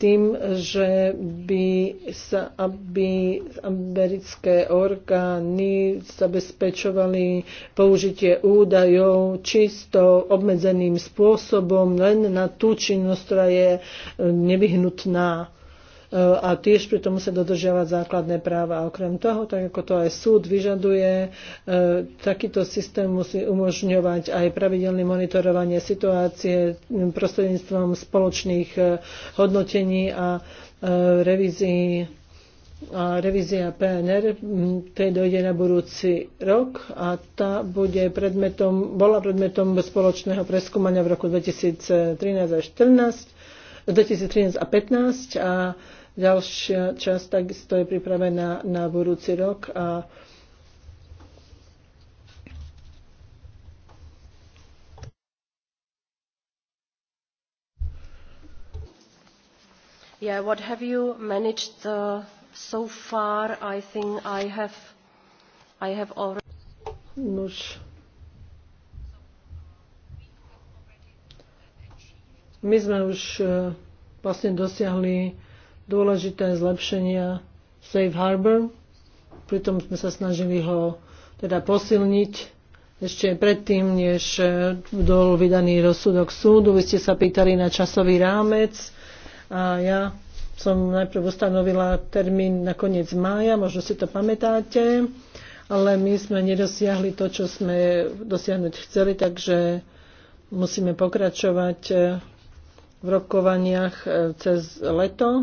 tým, že by sa, aby americké orgány zabezpečovali použitie údajov čisto obmedzeným spôsobom len na tú činnosť, ktorá je e, nevyhnutná a tiež pri tom musia dodržiavať základné práva. A okrem toho, tak ako to aj súd vyžaduje, e, takýto systém musí umožňovať aj pravidelné monitorovanie situácie prostredníctvom spoločných e, hodnotení a e, revízií a revízia PNR, tej dojde na budúci rok a tá bude predmetom, bola predmetom spoločného preskúmania v roku 2013 a 2013 a 15 a Ďalšia časť takisto je pripravená na budúci rok a Yeah, what have you managed uh, so far? I think I have, I have already. Nuž. My sme už uh, vlastne dosiahli dôležité zlepšenia Safe Harbor. Pritom sme sa snažili ho teda posilniť ešte predtým, než e, bol vydaný rozsudok súdu. Vy ste sa pýtali na časový rámec a ja som najprv ustanovila termín na koniec mája, možno si to pamätáte, ale my sme nedosiahli to, čo sme dosiahnuť chceli, takže musíme pokračovať e, v rokovaniach e, cez leto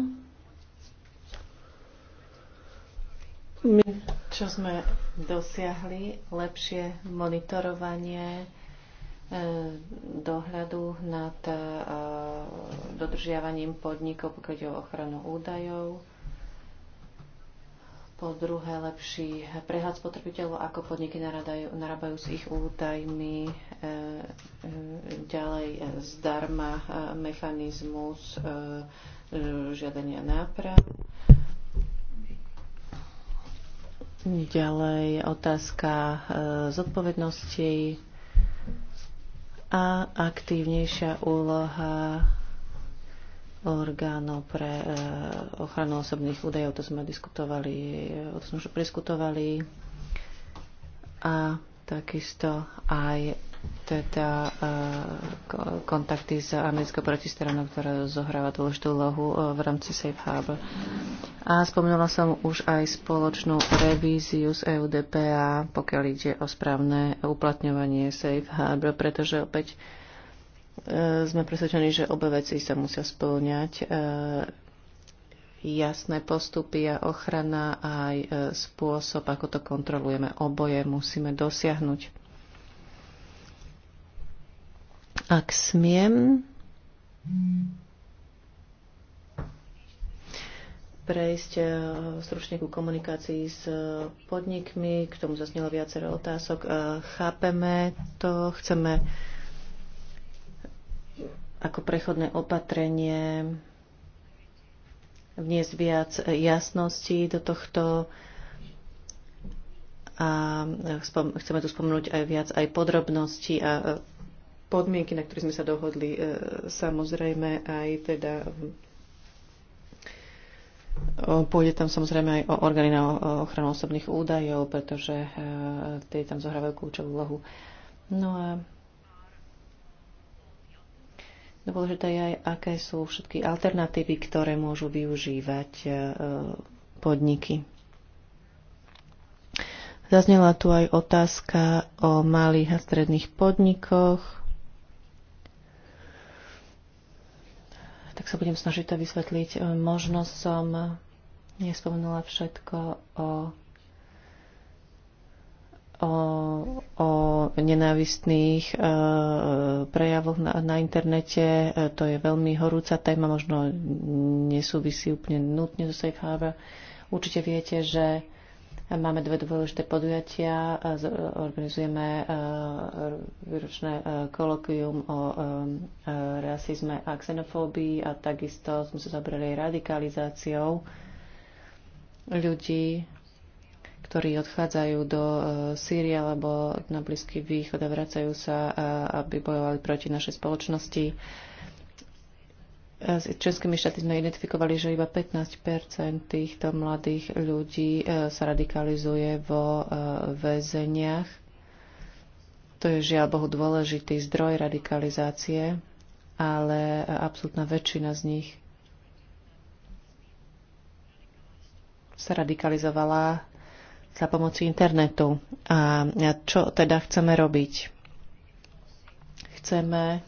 My, čo sme dosiahli, lepšie monitorovanie e, dohľadu nad e, dodržiavaním podnikov, pokiaľ ide o ochranu údajov. Po druhé, lepší prehľad spotrebiteľov, ako podniky narábajú, narábajú s ich údajmi. E, ďalej, zdarma mechanizmus žiadania náprav Ďalej otázka e, zodpovednosti a aktívnejšia úloha orgánov pre e, ochranu osobných údajov. To sme diskutovali, e, o to sme už preskutovali. A takisto aj teda eh, kontakty s americkou protistranou, ktorá zohráva dôležitú lohu eh, v rámci Safe Harbor. A spomínala som už aj spoločnú revíziu z EUDPA, pokiaľ ide o správne uplatňovanie Safe Harbor, pretože opäť eh, sme presvedčení, že obe veci sa musia spĺňať. Jasné postupy a ochrana aj spôsob, ako to kontrolujeme, oboje musíme dosiahnuť. Ak smiem prejsť e, stručne ku komunikácii s podnikmi. K tomu zaznelo viacero otázok. E, chápeme to, chceme ako prechodné opatrenie vniesť viac jasnosti do tohto a chceme tu spomenúť aj viac aj podrobností a e, podmienky, na ktorých sme sa dohodli, e, samozrejme aj teda Pôjde tam samozrejme aj o orgány na ochranu osobných údajov, pretože e, tie tam zohrávajú kľúčovú úlohu. No a dôležité je aj, aké sú všetky alternatívy, ktoré môžu využívať e, podniky. Zaznela tu aj otázka o malých a stredných podnikoch. tak sa budem snažiť to vysvetliť. E, možno som nespomenula všetko o, o, o nenávistných e, prejavoch na, na internete. E, to je veľmi horúca téma, možno nesúvisí úplne nutne so Safe Harbor. Určite viete, že e, Máme dve dôležité podujatia. Organizujeme eh, výročné eh, kolokvium o eh, rasizme a xenofóbii a takisto sme sa zabrali radikalizáciou ľudí, ktorí odchádzajú do Sýrie alebo na Blízky východ a vracajú sa, aby bojovali proti našej spoločnosti s českými štáty sme identifikovali, že iba 15 týchto mladých ľudí e, sa radikalizuje vo e, väzeniach. To je žiaľ Bohu dôležitý zdroj radikalizácie, ale e, absolútna väčšina z nich sa radikalizovala za pomoci internetu. A čo teda chceme robiť? Chceme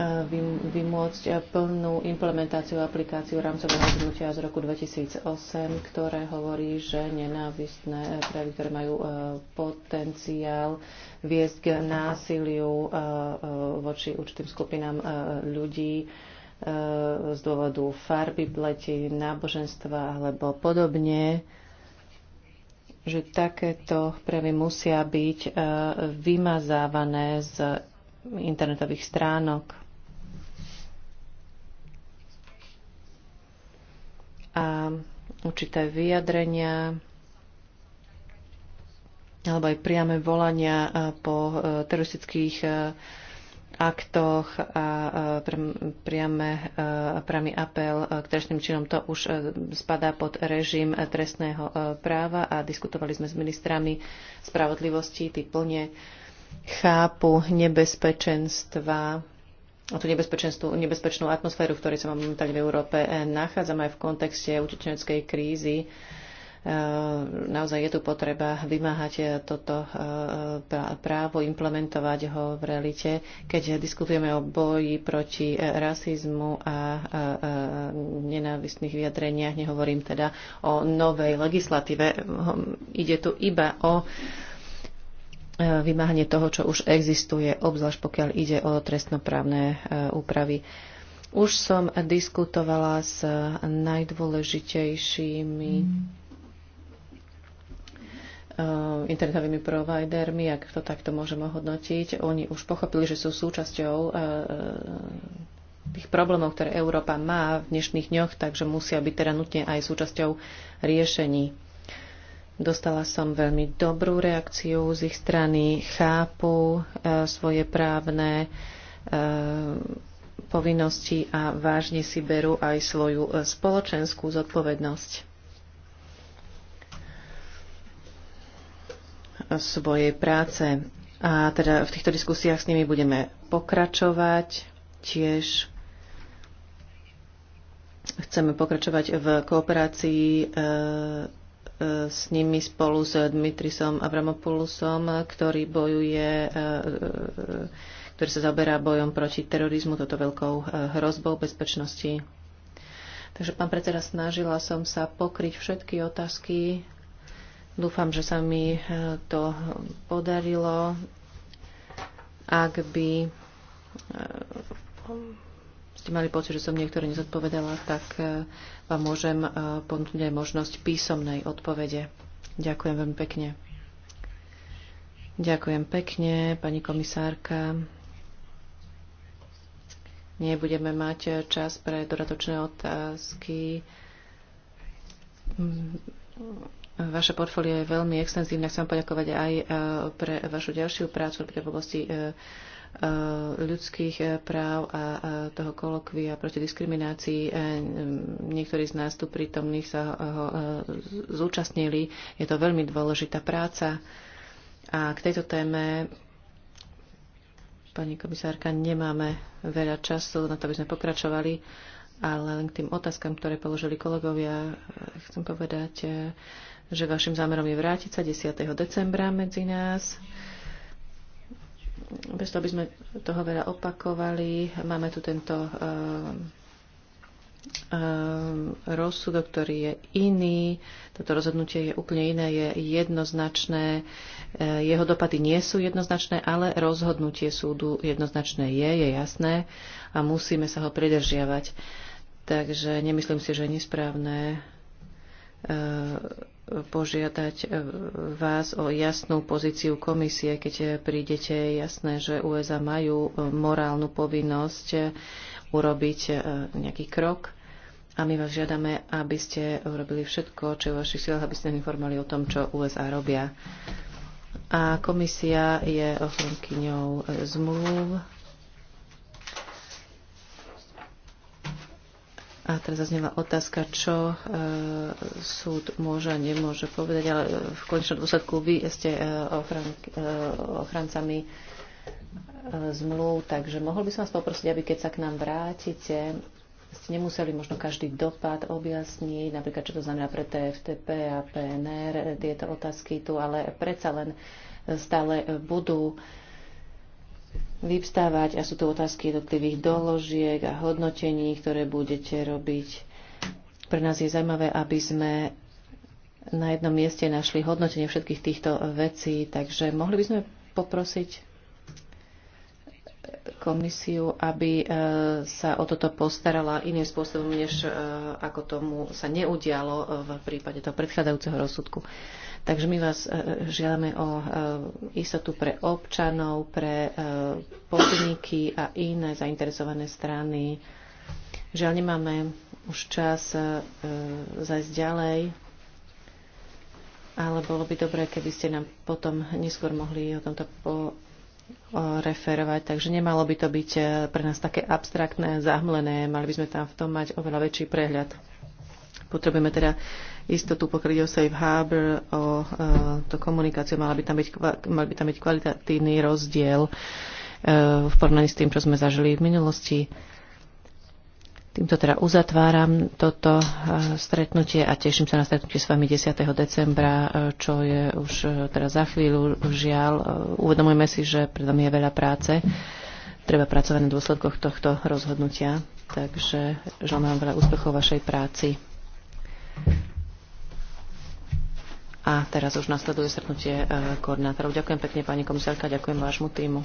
E, vymôcť e, plnú implementáciu aplikáciu rámcového rozhodnutia z roku 2008, ktoré hovorí, že nenávistné prejavy, ktoré majú e, potenciál viesť k násiliu voči určitým skupinám ľudí z dôvodu farby pleti, náboženstva alebo podobne, že takéto prejavy musia byť vymazávané z internetových stránok a určité vyjadrenia alebo aj priame volania e, po e, teroristických e, aktoch a priame, priamy apel k trestným činom. To už spadá pod režim trestného práva a diskutovali sme s ministrami spravodlivosti. Tí plne chápu nebezpečenstva o tú nebezpečnú atmosféru, v ktorej sa momentálne v Európe eh, nachádzame aj v kontexte utečeneckej krízy. Eh, naozaj je tu potreba vymáhať eh, toto právo, implementovať ho v realite. Keď diskutujeme o boji proti rasizmu a nenávistných vyjadreniach, nehovorím teda o novej legislatíve, hm, ide tu iba o E, vymáhanie toho, čo už existuje, obzvlášť pokiaľ ide o trestnoprávne e, úpravy. Už som diskutovala s najdôležitejšími e, internetovými providermi, ak to takto môžeme hodnotiť. Oni už pochopili, že sú súčasťou tých problémov, ktoré Európa má v dnešných dňoch, takže musia byť teda nutne aj súčasťou riešení. Dostala som veľmi dobrú reakciu z ich strany, chápu e, svoje právne e, povinnosti a vážne si berú aj svoju e, spoločenskú zodpovednosť. svojej práce. A teda v týchto diskusiách s nimi budeme pokračovať. Tiež chceme pokračovať v kooperácii e, s nimi spolu s Dmitrisom Avramopoulosom, ktorý bojuje, e, e, ktorý sa zaoberá bojom proti terorizmu, toto veľkou e, hrozbou bezpečnosti. Takže, pán predseda, snažila som sa pokryť všetky otázky. Dúfam, že sa mi to podarilo. Ak by ste mali pocit, že som niektoré nezodpovedala, tak e, vám môžem e, ponúknuť aj možnosť písomnej odpovede. Ďakujem veľmi pekne. Ďakujem pekne, pani komisárka. Nebudeme mať e, čas pre dodatočné otázky. Mm, vaše portfólio je veľmi extenzívne. Chcem poďakovať aj pre vašu ďalšiu prácu, v oblasti Eh, ľudských eh, práv a eh, toho kolokvia proti diskriminácii. Mm, niektorí z nás tu prítomných sa ho zúčastnili. Je to veľmi dôležitá práca. A k tejto téme, pani komisárka, nemáme veľa času na to, aby sme pokračovali, ale len k tým otázkam, ktoré položili kolegovia, chcem povedať, že vašim zámerom je vrátiť sa 10. decembra medzi nás bez toho by sme toho veľa opakovali, máme tu tento eh, eh, rozsudok, ktorý je iný. Toto rozhodnutie je úplne iné, je jednoznačné. Eh, jeho dopady nie sú jednoznačné, ale rozhodnutie súdu jednoznačné je, je jasné a musíme sa ho pridržiavať. Takže nemyslím si, že je nesprávne požiadať e, vás o jasnú pozíciu komisie, keď e, prídete. Je jasné, že USA majú e, morálnu povinnosť urobiť nejaký krok. A my vás žiadame, aby ste urobili všetko, čo je v vašich silách, aby ste informovali o tom, čo USA robia. A komisia je ochrankyňou zmluv A teraz zaznela otázka, čo e, súd môže a nemôže povedať, ale e, v konečnom dôsledku vy ste e, ochran, e, ochrancami e, zmluv, takže mohol by som vás poprosiť, aby keď sa k nám vrátite, ste nemuseli možno každý dopad objasniť, napríklad čo to znamená pre TFTP a PNR, tieto otázky tu, ale predsa len stále budú e, vyvstávať a sú to otázky jednotlivých doložiek a hodnotení, ktoré budete robiť. Pre nás je zaujímavé, aby sme na jednom mieste našli hodnotenie všetkých týchto vecí, takže mohli by sme poprosiť komisiu, aby e, sa o toto postarala iným spôsobom, než e, ako tomu sa neudialo e, v prípade toho predchádzajúceho rozsudku. Takže my vás e, e, žiadame o e, istotu pre občanov, pre podniky a iné zainteresované strany. Žiaľ, nemáme už čas zajsť ďalej, ale bolo by dobré, keby ste nám potom neskôr mohli o tomto po referovať, takže nemalo by to byť pre nás také abstraktné, zahmlené, mali by sme tam v tom mať oveľa väčší prehľad. Potrebujeme teda istotu pokryť o safe harbor, o e, to komunikáciu, mala by tam byť, mal by tam byť kvalitatívny rozdiel e, v porovnaní s tým, čo sme zažili v minulosti. Týmto teda uzatváram toto e, stretnutie a teším sa na stretnutie s vami 10. decembra, čo je už teda za chvíľu. Žiaľ, uvedomujeme si, že pred nami je veľa práce. Treba pracovať na dôsledkoch tohto rozhodnutia. Takže želám vám veľa úspechov vašej práci. A teraz už nasleduje stretnutie eh, koordinátorov. Ďakujem pekne, pani komisárka, ďakujem vášmu týmu.